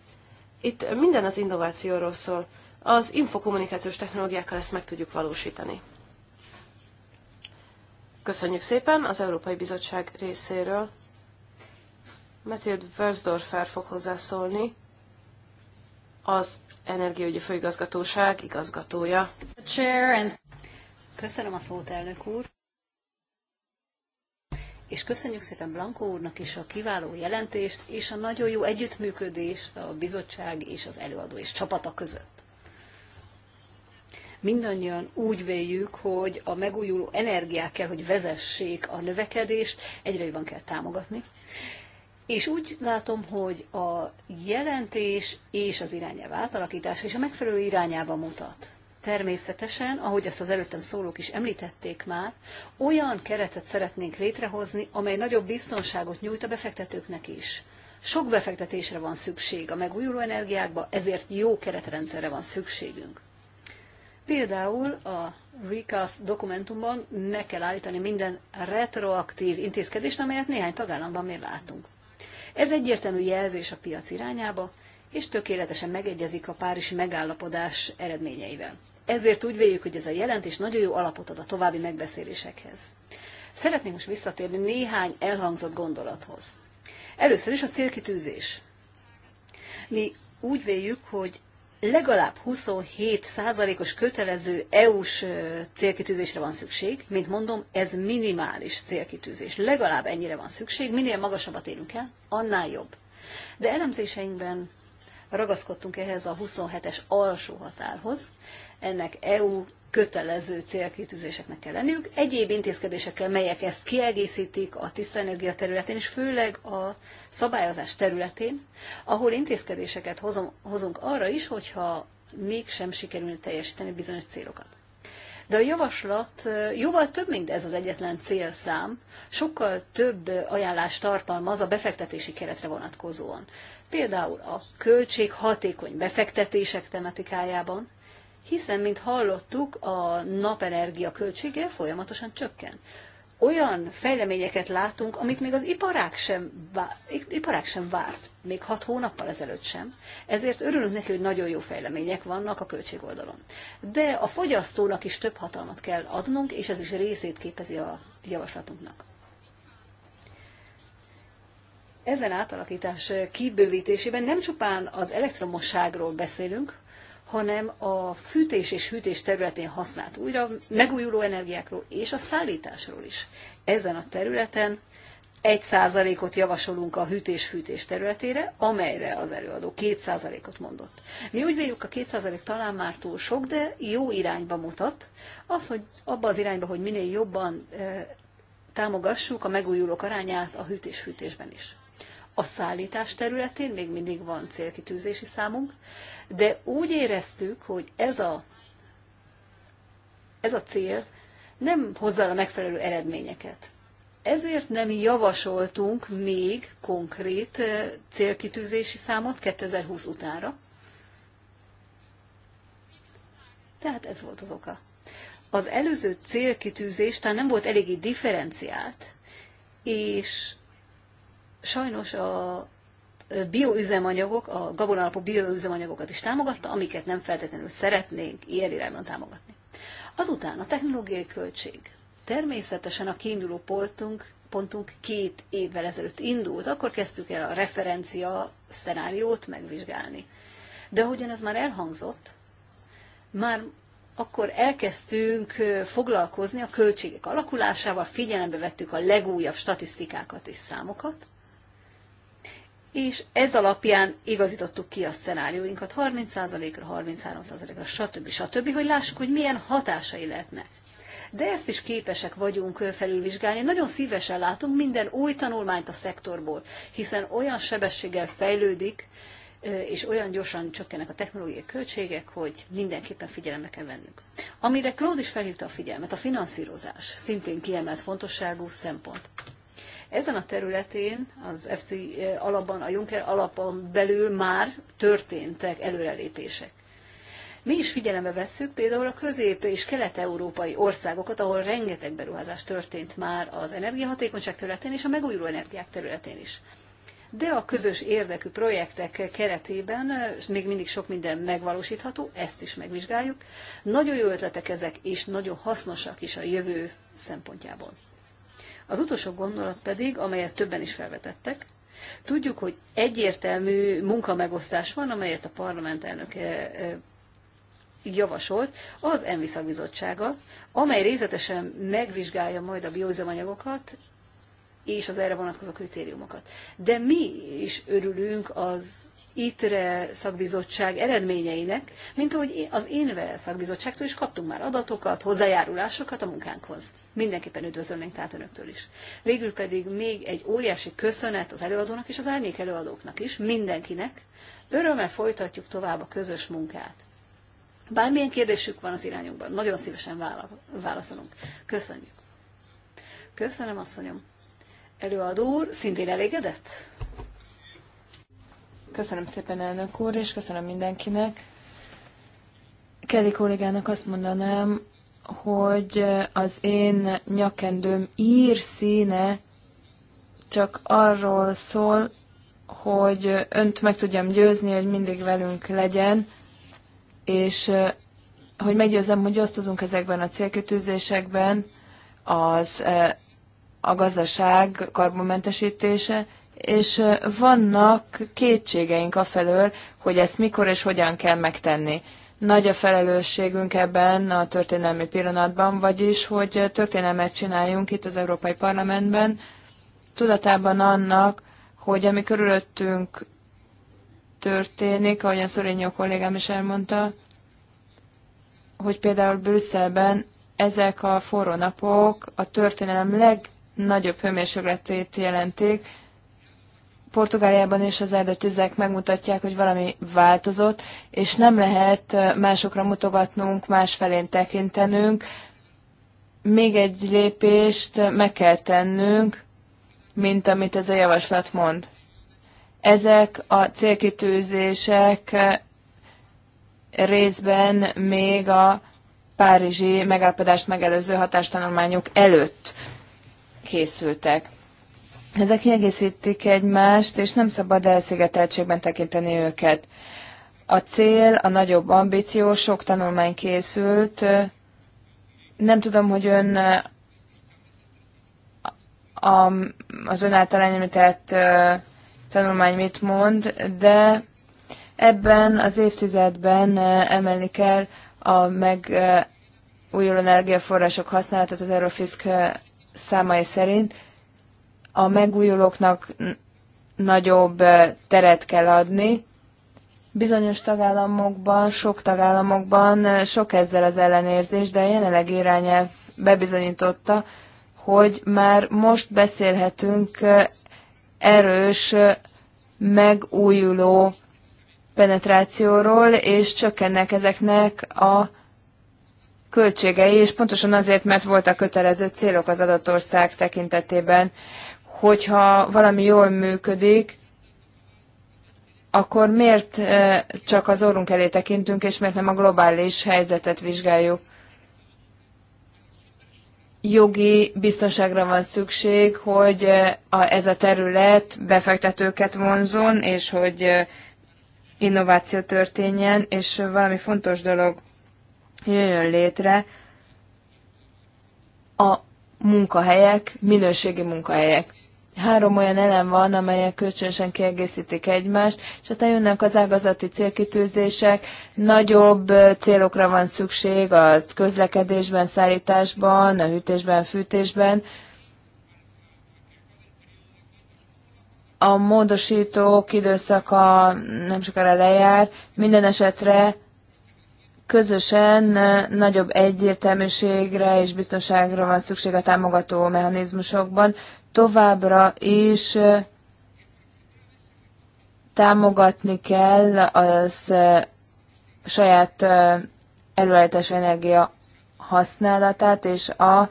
Itt minden az innovációról szól. Az infokommunikációs technológiákkal ezt meg tudjuk valósítani. Köszönjük szépen az Európai Bizottság részéről. Matthew Versdorfer fog hozzászólni az Energiaügyi Főigazgatóság igazgatója. Köszönöm a szót, elnök úr! És köszönjük szépen Blanko úrnak is a kiváló jelentést és a nagyon jó együttműködést a bizottság és az előadó és csapata között. Mindannyian úgy véljük, hogy a megújuló energiák kell, hogy vezessék a növekedést, egyre jobban kell támogatni, és úgy látom, hogy a jelentés és az irányelv átalakítása és a megfelelő irányába mutat. Természetesen, ahogy ezt az előttem szólók is említették már, olyan keretet szeretnénk létrehozni, amely nagyobb biztonságot nyújt a befektetőknek is. Sok befektetésre van szükség a megújuló energiákba, ezért jó keretrendszerre van szükségünk. Például a recast dokumentumban meg kell állítani minden retroaktív intézkedést, amelyet néhány tagállamban mi látunk. Ez egyértelmű jelzés a piac irányába, és tökéletesen megegyezik a párizsi megállapodás eredményeivel. Ezért úgy véljük, hogy ez a jelentés nagyon jó alapot ad a további megbeszélésekhez. Szeretnék most visszatérni néhány elhangzott gondolathoz. Először is a célkitűzés. Mi úgy véljük, hogy legalább 27%-os kötelező EU-s célkitűzésre van szükség. Mint mondom, ez minimális célkitűzés. Legalább ennyire van szükség. Minél magasabbat érünk el, annál jobb. De elemzéseinkben ragaszkodtunk ehhez a 27-es alsó határhoz, ennek EU kötelező célkitűzéseknek kell lenniük. Egyéb intézkedésekkel, melyek ezt kiegészítik a tiszta energia területén, és főleg a szabályozás területén, ahol intézkedéseket hozom, hozunk arra is, hogyha mégsem sikerül teljesíteni bizonyos célokat. De a javaslat jóval több, mint ez az egyetlen célszám, sokkal több ajánlást tartalmaz a befektetési keretre vonatkozóan. Például a költség hatékony befektetések tematikájában, hiszen, mint hallottuk, a napenergia költsége folyamatosan csökken. Olyan fejleményeket látunk, amit még az iparák sem, vá- iparák sem várt, még hat hónappal ezelőtt sem. Ezért örülünk neki, hogy nagyon jó fejlemények vannak a költségoldalon. De a fogyasztónak is több hatalmat kell adnunk, és ez is részét képezi a javaslatunknak. Ezen átalakítás kibővítésében nem csupán az elektromosságról beszélünk, hanem a fűtés és hűtés területén használt újra megújuló energiákról és a szállításról is. Ezen a területen egy ot javasolunk a hűtés-fűtés területére, amelyre az előadó két ot mondott. Mi úgy véljük, a százalék talán már túl sok, de jó irányba mutat. Az, hogy abba az irányba, hogy minél jobban e, támogassuk a megújulók arányát a hűtés-fűtésben is. A szállítás területén még mindig van célkitűzési számunk, de úgy éreztük, hogy ez a, ez a cél nem hozza a megfelelő eredményeket. Ezért nem javasoltunk még konkrét eh, célkitűzési számot 2020 utánra. Tehát ez volt az oka. Az előző célkitűzés talán nem volt eléggé differenciált, és sajnos a bioüzemanyagok, a gabonalapú bioüzemanyagokat is támogatta, amiket nem feltétlenül szeretnénk ilyen irányban támogatni. Azután a technológiai költség. Természetesen a kiinduló pontunk, pontunk két évvel ezelőtt indult, akkor kezdtük el a referencia szenáriót megvizsgálni. De ahogyan ez már elhangzott, már akkor elkezdtünk foglalkozni a költségek alakulásával, figyelembe vettük a legújabb statisztikákat és számokat, és ez alapján igazítottuk ki a szenárióinkat 30%-ra, 33%-ra, stb. stb., hogy lássuk, hogy milyen hatásai lehetnek. De ezt is képesek vagyunk felülvizsgálni. Nagyon szívesen látunk minden új tanulmányt a szektorból, hiszen olyan sebességgel fejlődik, és olyan gyorsan csökkennek a technológiai költségek, hogy mindenképpen figyelembe kell vennünk. Amire Claude is felhívta a figyelmet, a finanszírozás, szintén kiemelt fontosságú szempont. Ezen a területén az FC alapban, a Juncker alapon belül már történtek előrelépések. Mi is figyelembe vesszük például a közép- és kelet-európai országokat, ahol rengeteg beruházás történt már az energiahatékonyság területén és a megújuló energiák területén is. De a közös érdekű projektek keretében még mindig sok minden megvalósítható, ezt is megvizsgáljuk. Nagyon jó ötletek ezek, és nagyon hasznosak is a jövő szempontjából. Az utolsó gondolat pedig, amelyet többen is felvetettek, Tudjuk, hogy egyértelmű munkamegosztás van, amelyet a parlament elnöke eh, eh, javasolt az ENVISZA bizottsága, amely részletesen megvizsgálja majd a biózomanyagokat és az erre vonatkozó kritériumokat. De mi is örülünk az ITRE szakbizottság eredményeinek, mint ahogy az INVE szakbizottságtól is kaptunk már adatokat, hozzájárulásokat a munkánkhoz. Mindenképpen üdvözölnénk tehát önöktől is. Végül pedig még egy óriási köszönet az előadónak és az árnyék előadóknak is, mindenkinek. Örömmel folytatjuk tovább a közös munkát. Bármilyen kérdésük van az irányunkban, nagyon szívesen válaszolunk. Köszönjük. Köszönöm, asszonyom. Előadó úr, szintén elégedett? Köszönöm szépen, elnök úr, és köszönöm mindenkinek. Kelly kollégának azt mondanám, hogy az én nyakendőm ír színe csak arról szól, hogy önt meg tudjam győzni, hogy mindig velünk legyen, és hogy meggyőzem, hogy osztozunk ezekben a célkötőzésekben, az a gazdaság karbonmentesítése, és vannak kétségeink afelől, hogy ezt mikor és hogyan kell megtenni. Nagy a felelősségünk ebben a történelmi pillanatban, vagyis, hogy történelmet csináljunk itt az Európai Parlamentben, tudatában annak, hogy ami körülöttünk történik, ahogyan Szorényó kollégám is elmondta, hogy például Brüsszelben ezek a forró napok a történelem legnagyobb hőmérsékletét jelentik, Portugáliában is az erdőtüzek megmutatják, hogy valami változott, és nem lehet másokra mutogatnunk, másfelén tekintenünk. Még egy lépést meg kell tennünk, mint amit ez a javaslat mond. Ezek a célkitűzések részben még a párizsi megállapodást megelőző hatástanulmányok előtt készültek. Ezek kiegészítik egymást, és nem szabad elszigeteltségben tekinteni őket. A cél, a nagyobb ambíció, sok tanulmány készült. Nem tudom, hogy ön a, az ön által említett tanulmány mit mond, de ebben az évtizedben emelni kell a megújuló energiaforrások használatát az Eurofisk számai szerint a megújulóknak nagyobb teret kell adni. Bizonyos tagállamokban, sok tagállamokban sok ezzel az ellenérzés, de a jelenleg irányelv bebizonyította, hogy már most beszélhetünk erős megújuló penetrációról, és csökkennek ezeknek a költségei, és pontosan azért, mert voltak kötelező célok az adott ország tekintetében hogyha valami jól működik, akkor miért eh, csak az orrunk elé tekintünk, és miért nem a globális helyzetet vizsgáljuk? Jogi biztonságra van szükség, hogy eh, ez a terület befektetőket vonzon, és hogy eh, innováció történjen, és valami fontos dolog jöjjön létre, a munkahelyek, minőségi munkahelyek három olyan elem van, amelyek kölcsönösen kiegészítik egymást, és aztán jönnek az ágazati célkitűzések, nagyobb célokra van szükség a közlekedésben, szállításban, a hűtésben, fűtésben. A módosítók időszaka nem sokára lejár, minden esetre közösen nagyobb egyértelműségre és biztonságra van szükség a támogató mechanizmusokban, továbbra is támogatni kell az saját előállítású energia használatát és a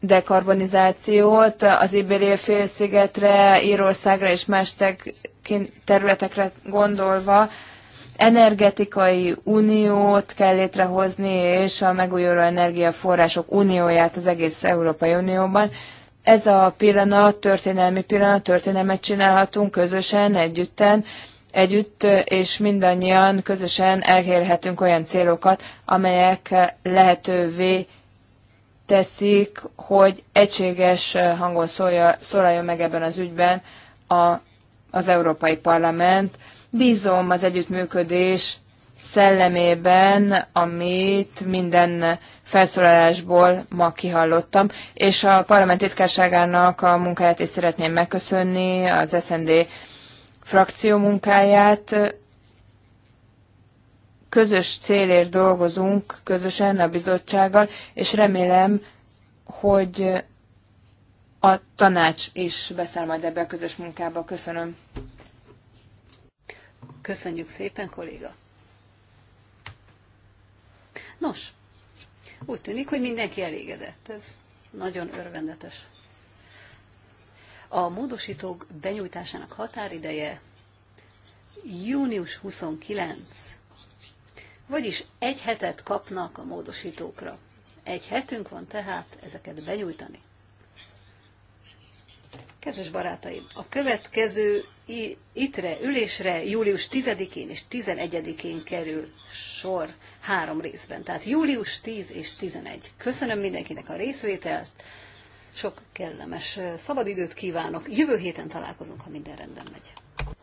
dekarbonizációt az Iberia félszigetre, Írországra és más területekre gondolva energetikai uniót kell létrehozni, és a megújuló energiaforrások unióját az egész Európai Unióban. Ez a pillanat, történelmi pillanat, történelmet csinálhatunk közösen, együtten, együtt, és mindannyian közösen elérhetünk olyan célokat, amelyek lehetővé teszik, hogy egységes hangon szólja, szólaljon meg ebben az ügyben a, az Európai Parlament, Bízom az együttműködés szellemében, amit minden felszólalásból ma kihallottam, és a parlament titkárságának a munkáját is szeretném megköszönni, az SND frakció munkáját. Közös célért dolgozunk közösen a bizottsággal, és remélem, hogy a tanács is beszáll majd ebbe a közös munkába. Köszönöm. Köszönjük szépen, kolléga. Nos, úgy tűnik, hogy mindenki elégedett. Ez nagyon örvendetes. A módosítók benyújtásának határideje június 29. Vagyis egy hetet kapnak a módosítókra. Egy hetünk van tehát ezeket benyújtani. Kedves barátaim, a következő itre, ülésre július 10-én és 11-én kerül sor három részben. Tehát július 10 és 11. Köszönöm mindenkinek a részvételt, sok kellemes szabadidőt kívánok. Jövő héten találkozunk, ha minden rendben megy.